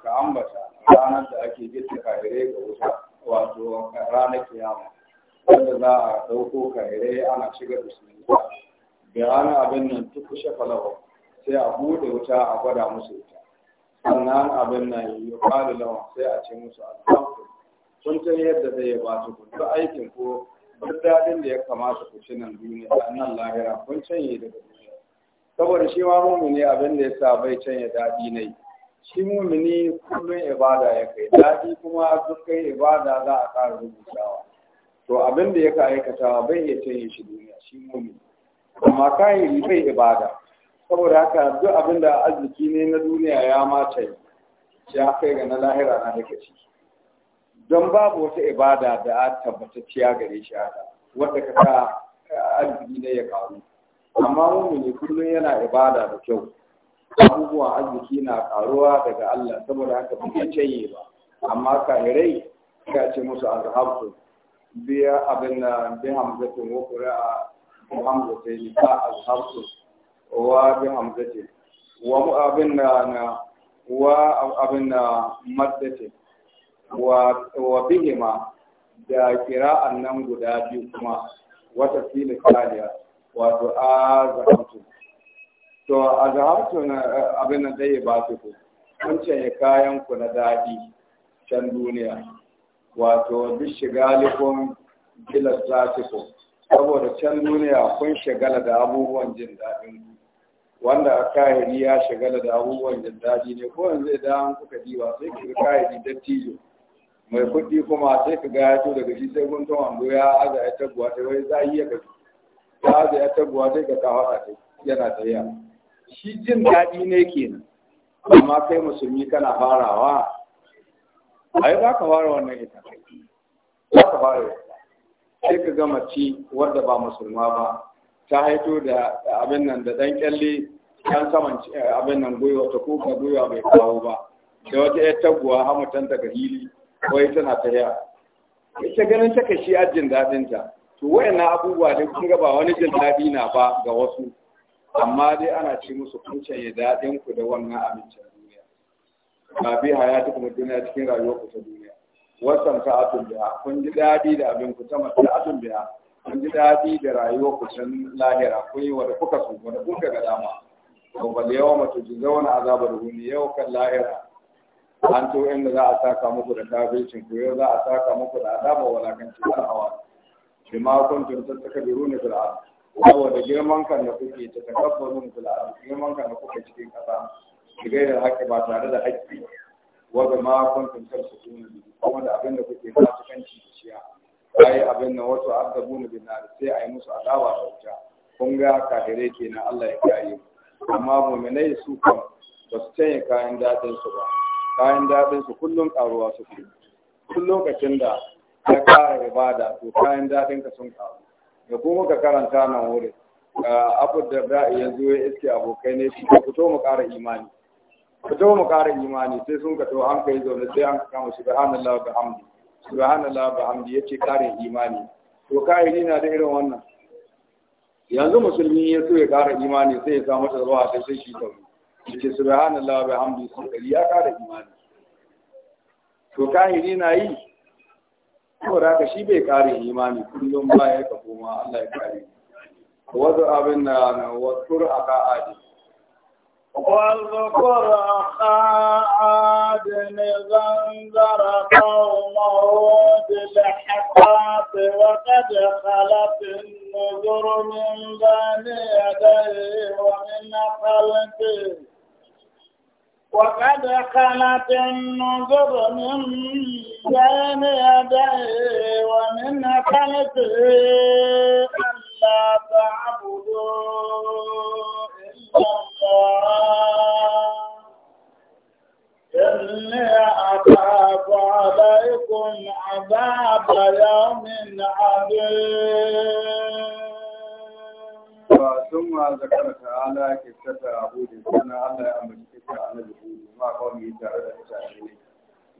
S2: ka ambata ranar da ake ga wuta wato ranar kiyama za a dauko kayare ana shiga da su rana abin nan tukushe falawa sai a bude wuta a gwada musu sannan abin yi ya faru lawan sai a ce musu alhamdu kun san yadda zai ya bata ku aikin ko duk daɗin da ya kamata ku ci nan duniya a nan lahira kun yi daga duniya saboda shi ma mumini abin da ya sa bai can ya daɗi nai, shi mumini kullum ibada ya kai daɗi kuma duk kai ibada za a ƙara rubutawa to abin da ya ka aikatawa bai iya canye shi duniya shi mumini amma kayan bai ibada saboda haka duk abin da arziki ne na duniya ya mata yi ya kai ga na lahira na haka don babu wata ibada da a tabbatacciya gare shi haka wanda ka sa eh, arziki ne ya karu amma ne kullum yana ibada da kyau abubuwan arziki na karuwa daga Allah saboda haka ba canye ba amma ka rai, ka ce musu azhabtu biya abin da bi a wa qura'a hamzatin fa azhabtu wa bi hamzati wa mu abin na na wa abin na maddati wa wa bihima da kira annan guda biyu kuma wata fili kaliya wato a zahamtu to a zahamtu na abin nan dai ba su ku kun canye kayan ku na daɗi can duniya wato duk shiga likon gilas saboda can duniya kun shagala da abubuwan jin daɗin ku wanda a kahiri ya shagala da abubuwan jin daɗi ne ko yanzu idan kuka diwa sai ka ga kahiri dattijo mai kuɗi kuma sai ka ga ya to daga shi sai guntun wando ya aza ya taguwa sai wai za a iya ka ta aza ya taguwa sai ka kawo a yana tsaya shi jin daɗi ne kenan amma kai musulmi kana farawa ai za ka fara wannan ita za ka fara sai ka gama ci wadda ba musulma ba ta haito da abin nan da ɗan kyalle kan saman eh, abin nan gwiwa ta kuka gwiwa bai kawo ba da wata ya taguwa hamutan daga hili ita tana ta yaya ita ganin ta kashi ajin daɗinta to wayannan abubuwa ne kun ga ba wani jin daɗi na ba ga wasu amma dai ana ce musu kun ya daɗin ku da wannan abincin duniya ba bi hayati kuma duniya cikin rayuwar ku ta duniya wasan ta atun biya kun ji daɗi da abin ku ta mace atun biya kun ji daɗi da rayuwar ku can lahira kun yi wanda kuka so wanda kuka ga dama yawa, bal yawma wani azabar, huni yau kan lahira an to inda za a saka muku da kafircin ku yau za a saka muku da azaba walakanci al hawa bima kuntum tatakabiruna fil ard saboda girman kan da kuke ta takabbarun fil ard girman kan da kuke cikin kasa shiga da haƙƙi ba tare da haƙƙi wa bima kuntum tasakuna kuma da abin da kuke fasikanci da shiya ai abin nan wato azabuna bin nar sai ai musu azaba da wuta kun ga kafirai kenan Allah ya kiyaye mu amma muminai su kan ba su canye kayan daɗin su ba kayan daɗin su kullum ƙaruwa su fi tun lokacin da ka ƙara ibada to kayan daɗin ka sun ƙaru da kuma ka karanta nan wurin abu da za a iya ya iske abokai ne su fito mu ƙara imani fito mu ƙara imani sai sun ka to an kai zaune sai an kama subhanallah wa bihamdi subhanallah wa bihamdi yace ƙarin imani to kai na da irin wannan yanzu musulmi ya so ya kara imani sai ya samu ta zuwa sai sai shi tauri yake subhanallah wa bihamdi sai ya ƙara imani to na yi da ka shi bai ƙara imani kullum ba ya ka koma Allah ya kare wasu abin na wasu aka ajin
S1: واذكر أخا عاد زنزر قومه بالحقات وقد خلت النذر من بين يديه ومن خلفه وقد خلت النذر من بين يديه ومن خلفه ألا تعبدوا إلا إني أخاف عليكم عذاب يوم عظيم ثم ذكر تعالى كتاب عبود كان الله يأمر
S2: كتاب عن الجهود ما قومه تعالى تعالى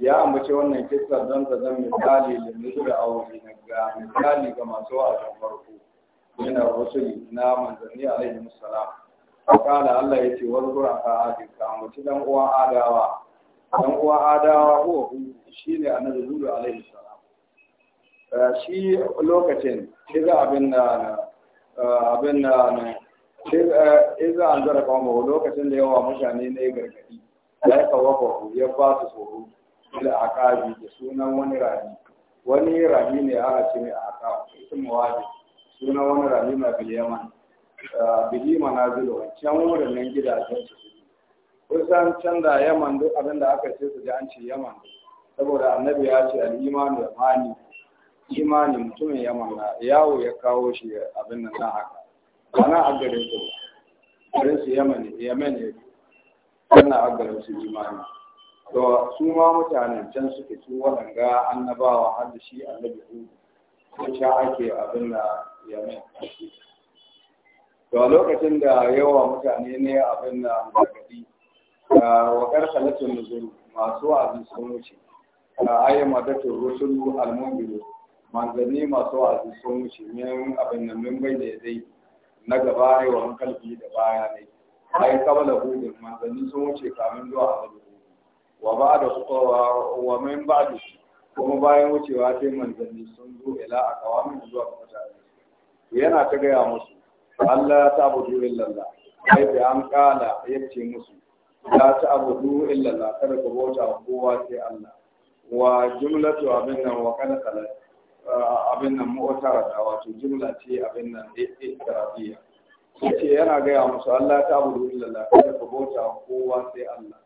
S2: ya ambace wannan kisa don ta zan misali da nuzura a wuri na ga misali ga masu wa'azin farko yana wasu na manzanni alaihi musallam kala Allah ya ce wani gura ka adin ka amince dan uwan adawa dan uwan adawa ko shi ne annabi Nuhu alaihi salam eh, shi lokacin kiga abin da eh, abin da eh, iza an zara kawo lokacin da yawa mutane ne gargadi ya yi kawo ya basu tsoro da akabi da sunan wani rami wani rami ne aka ce mai aka isin mawabi sunan wani rami mai biliyaman bihi manazilu can wurin nan gidajen su kusan can da yaman duk abin da aka ce su ji an ce yaman saboda annabi ya ce al'imanu ya mani imani mutumin yaman na yawo ya kawo shi abin nan na haka ana a garin su garin su yaman yaman ne wannan a garin su imani to su ma mutanen can suke su waɗanga annabawa har da shi annabi ko ko ake abin ya yaman to a lokacin da yawa mutane ne abin da gargadi wakar salatun nuzuru masu wa'azi sun wuce ayi madatun rusulu almungiru manzanni masu wa'azi sun wuce min abin da min bai da dai na gaba ne wa kalbi da baya ne ayi kabala hudu manzanni sun wuce kamin zuwa annabi wa ba da wa min ba da kuma bayan wucewa sai manzanni sun zo ila a kawamin zuwa mutane yana ta gaya musu Allah ta abudu illallah sai da an kala ya ce musu la ta abudu illallah kada ku bauta kowa sai Allah wa jumlatu abin nan wa kana kala uh, abin nan mu'tara da wato jumla ce abin nan ittirabiya yace yana gaya musu Allah ta abudu illallah kada ku bauta kowa sai Allah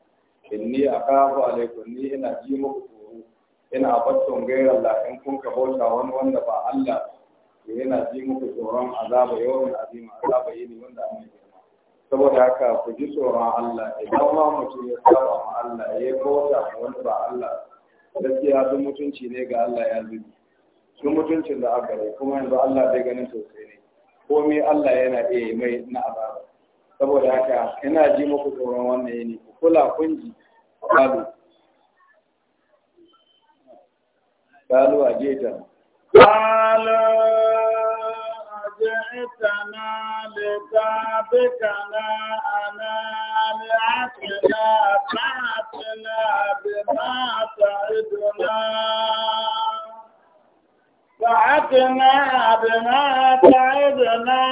S2: inni aqabu alaykum ni ina ji muku tsoro ina abatton gairar Allah in kun ka bauta wani wanda ba Allah yana ji muku tsoron azaba yawan azima azaba ne wanda an yi saboda haka ku ji tsoron Allah idan ma mutum ya saba ma Allah ya bauta ma wani ba Allah gaskiya sun mutunci ne ga Allah ya zubi sun mutuncin da aka yi kuma yanzu Allah bai ganin sosai ne komai Allah yana iya mai na azaba saboda haka yana ji muku tsoron wannan yini ku kula kunji kalu a قال
S1: أجئتنا لتابكنا أنا لعتنا فأتنا بما تعدنا فأتنا بما تعدنا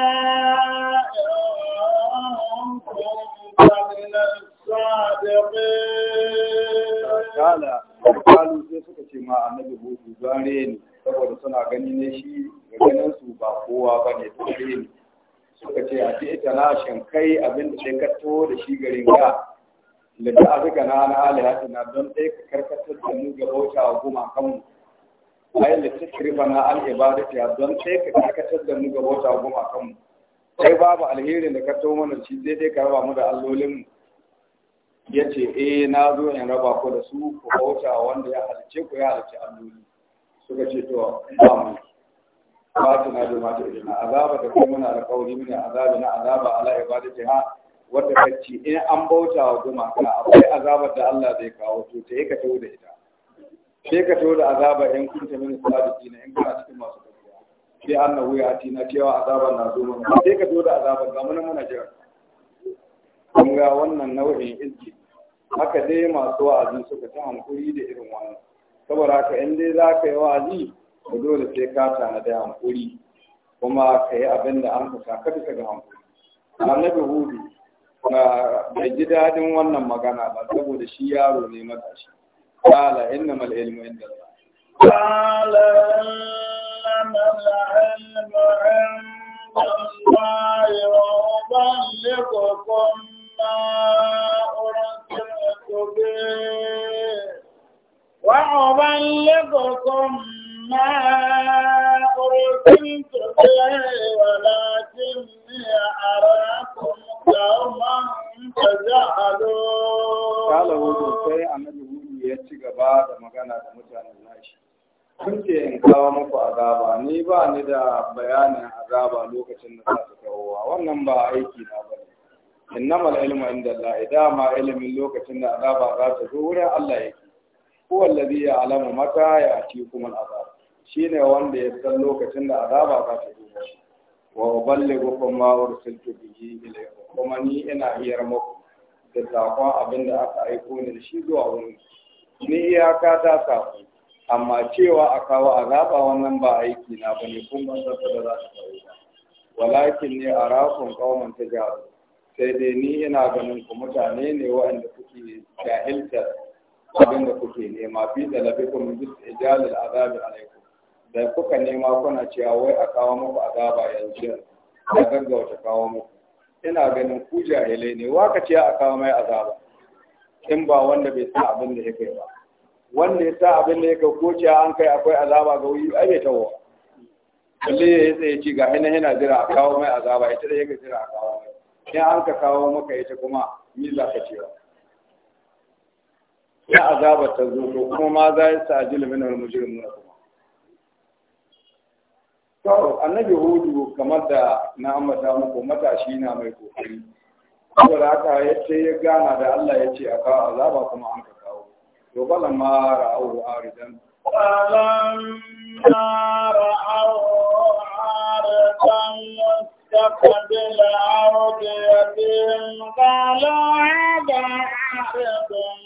S1: إن كنت من الصادقين
S2: قال قالوا كيف تسمع النبي هو saboda suna gani ne shi ga ganin su ba kowa ba ne ta ne suka ce a ce ita na shankai kai abin da sai da shi garin ga da ta azuka na na alihati na don ɗaya ka karkatar da mu ga bauta a goma kanmu ayin da ta kirfa na al'ibadati don ɗaya ka karkatar da mu ga bauta a goma kanmu sai babu alherin da ka taho mana shi dai ka raba mu da allolinmu ya ce eh na zo in raba ku da su ku bauta wanda ya halice ku ya halice alloli suka ce to ba mu ba ta na da mata idan azaba da kuma muna alƙawari muna azaba na azaba ala ibadati ha wanda kace in an bauta wa gumaka akwai azabar da Allah zai kawo to sai ka tawo da ita sai ka tawo da azaba in kunta min sadiki na in kana cikin masu gaskiya sai Allah wuya ati na cewa azabar na zo mana sai ka tawo da azabar ga mun muna jira kun ga wannan nau'in izki haka dai masu wa'azi suka ta hankuri da irin wannan saboda ka in dai za ka yi wa'azi to dole sai ka tanadi hankuri kuma ka yi abin da an ka ka bisa ga hankuri annabi hudu bai ji dadin wannan magana ba saboda shi yaro ne matashi qala innamal ilmu inda
S1: qala innamal ilmu inda Allah wa ma أبلغكم ما أرسلت به ولكني أراكم قوما تجهلون.
S2: قال gaba da magana da mutanen nashi. Kun in kawo muku azaba, ni ba ni da bayanin azaba lokacin da za su kawowa, wannan ba aiki na ba ne. Innamal ilmu inda Allah, dama ilimin lokacin da azaba za ta zo wurin Allah yake. huwa ya alama mata ya ya'tikum Shi ne wanda ya san lokacin da azaba za ta shi wa uballighukum ma ursiltu bihi ilaykum kuma ni ina hiyar muku da sakon abin da aka aiko ni da shi zuwa wani. ni iyaka ta sako amma cewa a kawo azaba wannan ba aiki na bane kun ban san da za ta faru ba walakin ne arakum ta tajaru sai dai ni ina ganin ku mutane ne waɗanda suke jahiltar abin da kuke nema fi talabikum bis ijal al azab alaikum da kuka nema kuna cewa wai a kawo muku azaba yanzu da gaggauta kawo muku ina ganin ku jahilai ne waka ce a kawo mai azaba in ba wanda bai sa abin da yake ba wanda ya sa abin da yake ko cewa an kai akwai azaba ga wuyi ai bai tawo kalle ya tsaye ci ga hina hina jira a kawo mai azaba ita da yake jira a kawo mai in an ka kawo maka ita kuma ni za ka cewa ya azaba ta zo to kuma ma za ya sajil min al mujrimun to annabi hudu kamar da na ambata muku matashi na mai kokari saboda haka ya ce ya gana da Allah ya ce a kawo azaba kuma an ka kawo to balan ma ra'au aridan
S1: balan ma ra'au aridan mustaqbil ardi yatim qala hada aridun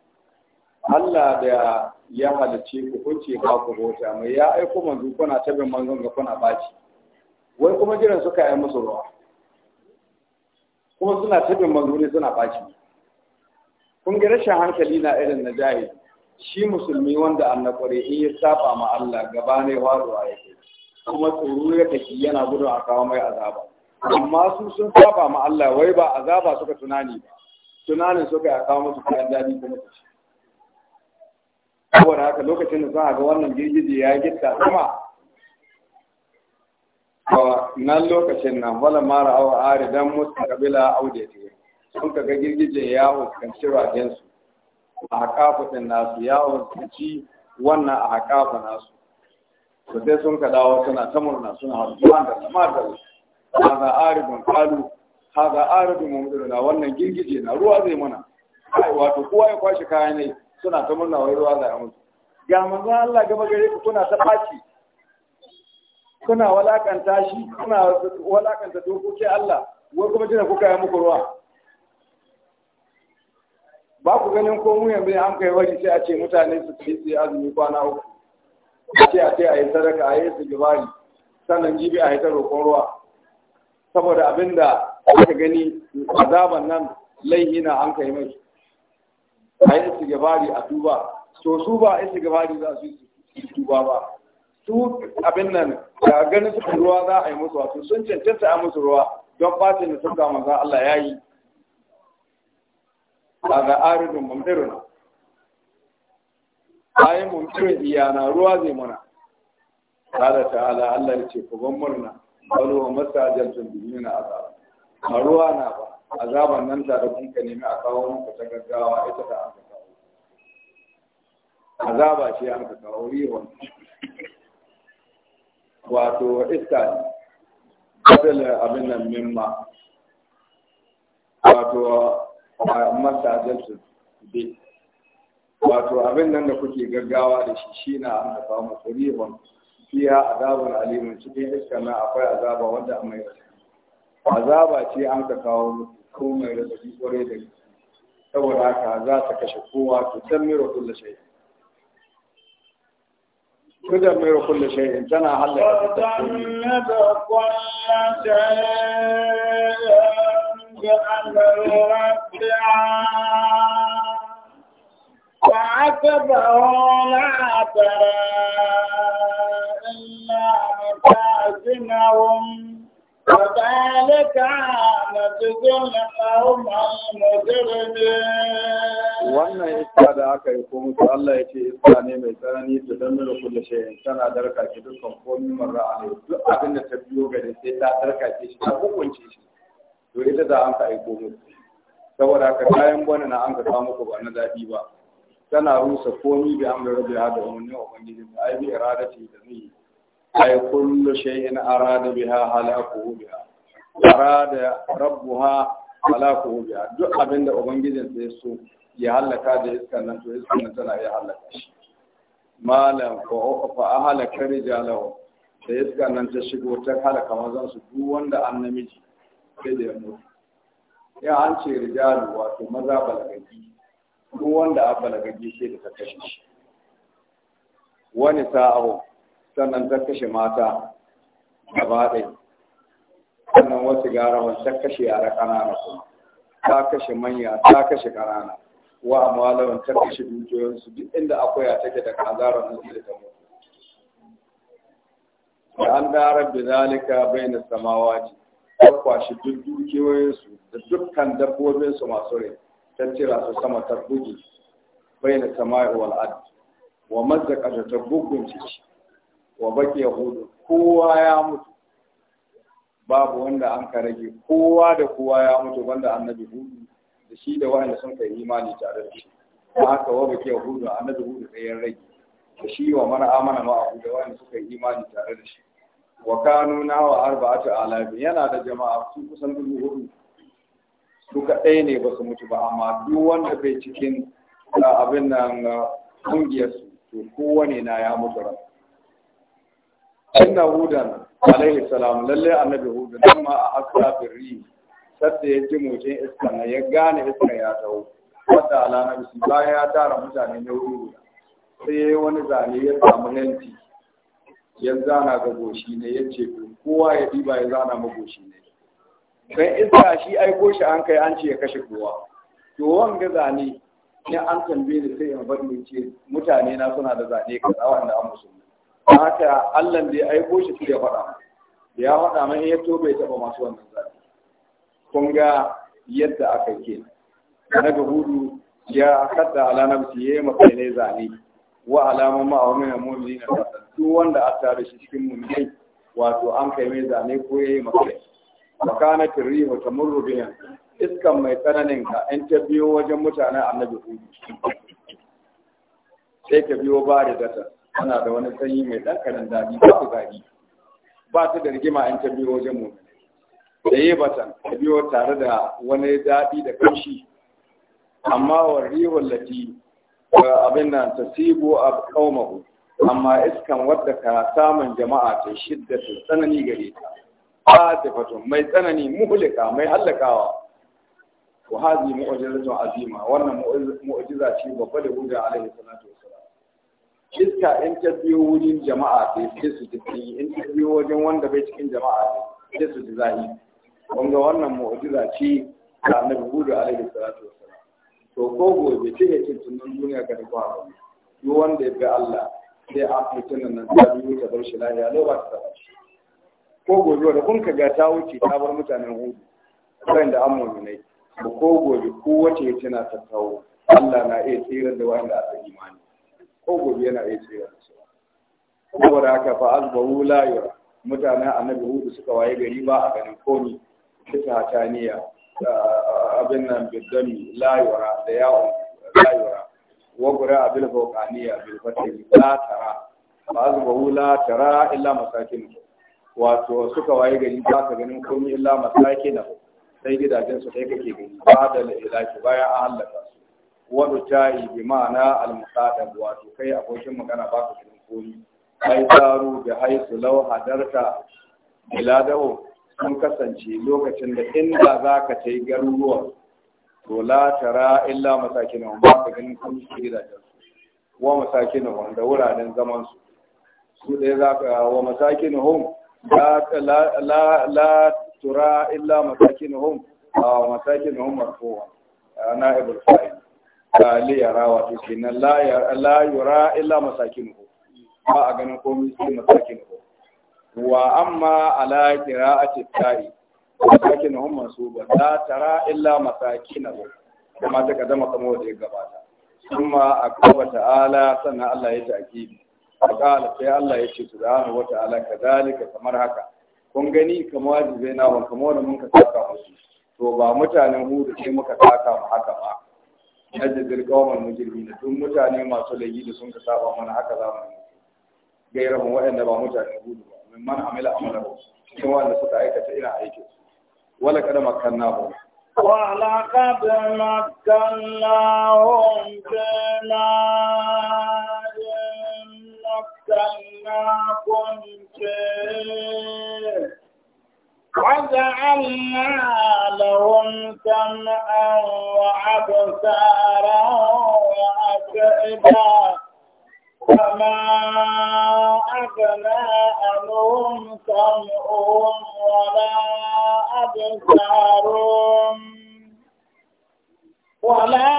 S2: Allah da ya halice ku kunce ba ku bauta mai ya aiko manzo kuna tabin manzon ga kuna baci wai kuma jiran suka yi musu ruwa kuma suna tabin manzo ne suna baci kun ga rashin hankali na irin na jahili shi musulmi wanda annakware in ya saba ma Allah gaba ne a yake kuma tsoro ya tafi yana gudun a kawo mai azaba amma su sun saba ma Allah wai ba azaba suka tunani ba tunanin suka ya kawo musu kayan dadi kuma su ci saboda haka lokacin da za a ga wannan girgije ya gitta sama nan lokacin nan wala mara awa ari dan musu kabila audete sun ka ga girgije ya hukunci ragensu a haka ɗin nasu ya hukunci wannan a haƙafu nasu su sai sun ka dawo suna ta murna suna harbuwa da zama da haza aribun kalu haza mamudu na wannan girgije na ruwa zai mana wato kowa ya kwashe kayan ne suna ta murna wai ruwa za a mutu ga manzon Allah gaba gare ku kuna ta faci kuna walakanta shi kuna walakanta dokoki Allah wai kuma jira kuka yi muku ruwa ba ku ganin ko mu yanzu an kai wani sai a ce mutane su ci su azumi kwana uku sai ce a ce a yi sadaka a yi su jibari sannan jibi a ta roƙon ruwa saboda abinda aka gani azaban nan laihi na an kai mai a yi gabari a tuba to su ba gabari za su yi tuba ba su abin nan da ganin su ruwa za a yi musu wato sun cancanta a musu ruwa don fatin da sun ga za Allah ya yi a ga aridun mumtirun bayan mumtirun iyana ruwa zai mana da ta'ala Allah ya ce ku ban murna wani wa tun biyu na azaba a ruwa na azaban nan da kun ka nemi a kawo muku ta gaggawa ita da an kawo azaba ce an ka kawo riwon wato iska ne kadal abin nan mimma wato masa jalsu dai wato abin nan da kuke gaggawa da shi shi na an ka kawo muku riwon fiya azabun alimun cikin iska na akwai azaba wanda an mai azaba ce an ka kawo muku ko mai rasabi kwarai da gaske saboda haka za ta kashe kowa ta tammira kulle shayi تدمر كل شيء تنا هلا تدمر
S1: كل شيء بأمر ربها وعتبه لا ترى إلا مكاسمهم وذلك نجد القوم المجرمين
S2: wannan iska da aka yi ko musu Allah ya ce iska ne mai tsanani da dan mura kullu tana darka dukkan komai marra a duk abin da ta biyo sai ta darka shi ta shi to ita da an ka saboda haka kayan gwani na an ka samu ba na dadi ba tana rusa komi bi amrin da hada wannan ubangiji mai ai bi iradati da zai أي كل شيء أراد بها هلاكه بها أراد ربها هلاكه بها duk abinda da ubangijin sai so ya halaka da iskan nan to iskan nan tana ya malam ko fa ahlaka rijalahu da iskan nan ta shigo ta halaka mazan su duk wanda an namiji sai da ya mutu ya an ce rijalu wato maza balagaggi duk wanda an balagaggi sai da ta kashe shi wani sa'awo sannan ta kashe mata gaba ɗaya sannan wasu garawan ta kashe yara ƙanana kuma ta kashe manya ta kashe ƙanana wa amalawan ta kashe dukiyoyinsu duk inda akwai a take da kazaran nan da ta mutu da an darar da zalika bai na samawa ce ta kwashe duk dukiyoyinsu da dukkan dabbobinsu masu rai ta cira su sama ta bugi bai na samawa wal'adu wa da ta bugun ciki wa baki yahudu kowa ya mutu babu wanda an ka rage kowa da kowa ya mutu banda annabi hudu da shi da wanda sun kai imani tare da shi haka wa baki yahudu annabi hudu sai ya rage da shi wa mana amana ma abu da wanda suka yi imani tare da shi wa kanu na wa arba'atu alabi yana da jama'a su kusan dubu hudu duka ɗaya ne ba su mutu ba amma duk wanda bai cikin abin nan ƙungiyarsu to kowane na ya mutu ran inna hudan alaihi salam lalle annabi hudan amma a hasa birri sadda ya ji motsin iska na ya gane iska ya taho wata ala na bisi bayan ya tara mutane na wuri guda sai ya yi wani zane ya samu lenti ya zana ga goshi ne ya ce kowa ya ɗiba ya zana ma goshi ne dan iska shi aiko shi an kai an ce ya kashe kowa to wanga zane ne an tambaye ni sai in faɗi ce mutane na suna da zane kaza wanda an musulmi ba haka allan da ya aiko shi su ya faɗa ya faɗa mai ya tobe ya taɓa masu wannan zafi kun ga yadda aka ke na Hudu ya kadda ala nafsi ya yi mafi ne zane wa alamun ma'aunin na mumini na kasantu wanda a tare shi cikin mumini wato an kai mai zane ko ya yi mafi makana tirihu ta murrubiyan iskan mai tsananin ka in ta biyo wajen mutanen annabi hudu sai ta biyo ba da datar ana da wani sanyi mai ɗankanin daɗi ba su gari ba su da rigima in ta biyo wajen mu da yi batan ta tare da wani daɗi da kamshi amma wa rihun lati abin nan ta sigo a kaumahu amma iskan wadda ka samun jama'a ta shidda ta tsanani gare ta ba ta fato mai tsanani muhulika mai hallakawa wa hazi mu'jizatun azima wannan mu'jiza ce babba da gudu alaihi salatu iska in ta biyo wurin jama'a sai sai su ji sanyi in ta biyo wajen wanda bai cikin jama'a sai su ji zahi kun wannan mu'jiza ce da annabi hudu alaihi salatu wasalam to ko gobe ce ya tunan duniya ga dukkan abu wanda ya bi Allah sai a mutunan nan ta biyo ta bar shi lafiya lau ba ta ko gobe wanda kun ga ta wuce ta bar mutanen hudu kan da an mu'minai ko gobe ko wace ya tana ta kawo Allah na iya tsirar da wanda aka imani ko gobe yana iya tsira da su saboda haka fa azbahu la yara mutanen annabi hudu suka waye gari ba a ganin komi ta hataniya ah, abin nan bidami la yara da yawon la yara wa gura bil fawqaniya bil fatih la tara fa azbahu la tara illa masakin wato suka waye gari ba ka ganin komi illa masakin sai gidajen su kai kake gani ba da ilahi bayan an halaka ta yi bi ma'ana al-muqaddam wato kai abokin magana ba ka cikin komi ai taru da haisu law hadarta biladawo sun kasance lokacin da inda za ka ta yi garuruwa to la tara illa masakin ba ka ganin komi su gidajen su wa masakin da wuraren zaman su su ɗaya za ka wa masakin hum la tura illa masakin hum a masakin hum marfuwa na ibul ka liyara wato kenan la yura illa masakinuhu ba a ganin komai sai masakinuhu wa amma ala qira'ati ta'i masakinuhum mansuba ta tara illa masakinahu kuma ta kadama kama wanda ya gabata kuma akaba ta'ala sannan Allah ya ta'kibi qala sai Allah ya ce subhanahu wa ta'ala kadalika kamar haka kun gani kamar wajibai na wa kamar wanda mun ka saka musu to ba mutanen hudu sai muka saka mu haka ba ajizir kawamar mujirmina tun mutane masu layi da sun ka saba mana haka za mu yi gairahun waɗanda ba mutane gudu ba min man amila amalar cikin waɗanda suka aikata ina aikin wala kada makanna ba
S1: ولقد مكناهم في نار مكناكم فيه وجعلنا لهم سمعا وأبصارا وأفئدة فما أغنى عنهم سمعهم ولا أبصارهم ولا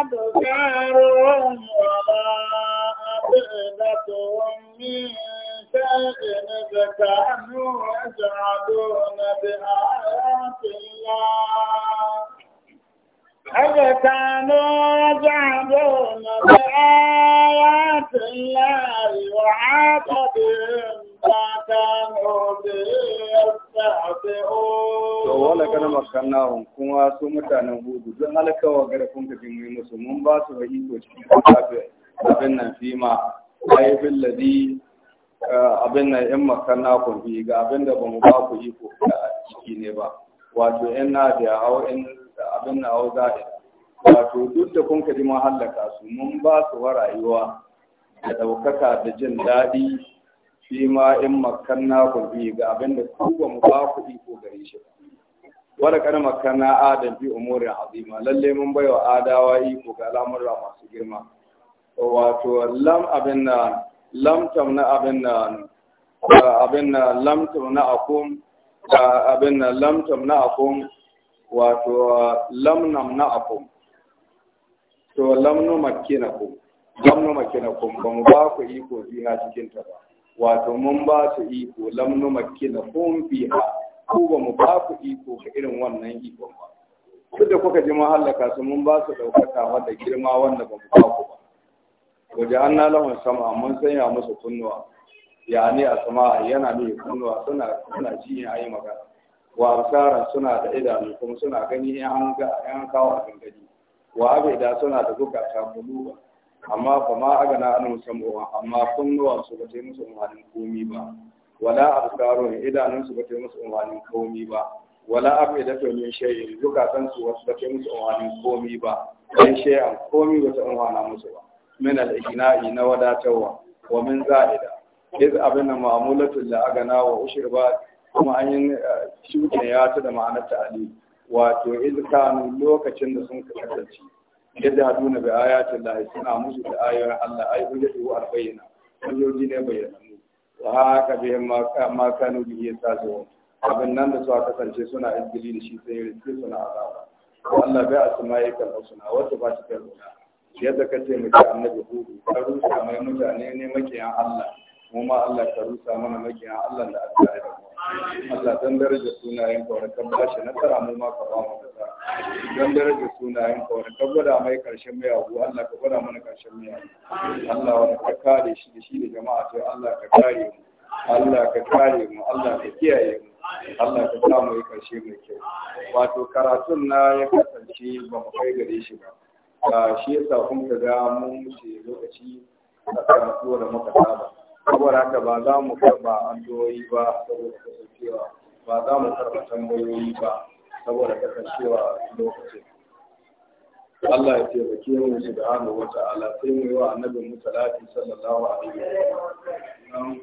S1: أبصارهم ولا أفئدتهم من الذين كانوا يجعلون بآيات الله إذ كانوا يجعلون بآيات الله وعاتبهم ما كانوا به يستهزئون.
S2: ولكن مكناهم كما سمعت أن هود زن هلك وغيركم كتير مسلمون باسوا هيكو شيء abin nan fima aibin ladi abin nan in makarna ku bi ga abin da ba mu ba ku iko da ciki ne ba wato in na da hau in abin na hau zaɗi wato duk da kun kaji mun hallaka su mun ba su wa rayuwa da ɗaukaka da jin daɗi shi ma in makarna ku bi ga abin da ku ba mu ba ku iko gare shi Wani wada kana adam fi umuri azima lalle mun bai wa adawa iko ga al'amura masu girma wato lam abin da lamtam na abin na abin na lamtam na akum abin na lamtam na akum wato lamnam na akum to lamnu makkinakum lamnu makkinakum ba mu ba ku iko biya cikin ta ba wato mun ba su iko lamnu makkinakum biha ku ba mu ba ku iko ga irin wannan iko ba duk da kuka ji mahallaka su mun ba su ɗaukaka wadda girma wanda ba mu ba ku ba waje an na lahun sama mun sanya musu kunnuwa ya ne a sama yana nuna kunnuwa suna suna ji ne ayi magana wa asara suna da idanu kuma suna gani in an ga an kawo a gani wa abida suna da ta buluwa amma ba ma aga na anu samuwa amma kunnuwa su ba ta yi musu umarnin komi ba wala absarun idanun su ba ta yi musu umarnin komi ba wala abida to min shay'in zukatan su ba ta yi musu umarnin komi ba dan shay'an komi ba ta umarna musu ba من الإجناء نودا na wadatarwa wa min za'ida معمولة abin da ma'amulatul da agana wa ushirba kuma an yi shuke ta da ma'anar ta'ali wato iz kanu lokacin da sun kasance yadda haduna bi ayatin lahi suna musu da ayoyin Allah ai hujjatu wa bayyana hujjoji ne abin nan da suka kasance suna izgili da shi sai riski suna azaba ko Allah bai asma'i kan usna wato ba shi kai yadda ka ce muke annabi hudu ka rusa mai mutane ne makiyan Allah mu ma Allah ka rusa mana makiyan Allah da aka da Allah dan daraja sunayen ka warkar ba shi nasara mu ma ka ba mu nasara dan daraja sunayen ka warkar gwada mai karshen mai abu Allah ka gwada mana karshen mai abu Allah wani ka kare shi da shi da jama'a sai Allah ka kare mu Allah ka kare mu Allah ka kiyaye mu Allah ka samu yi karshe mai kyau wato karatun na ya kasance ba mu kai gare shi ba shi yasa kun ka ga mun wuce lokaci a karatu da muka saba saboda haka ba za mu karba addu'o'i ba saboda kasancewa ba za mu karba tambayoyi ba saboda kasancewa lokacin
S1: Allah ya taimake mu subhanahu wa ta'ala sai mu yi wa annabi mu salati sallallahu alaihi wa sallam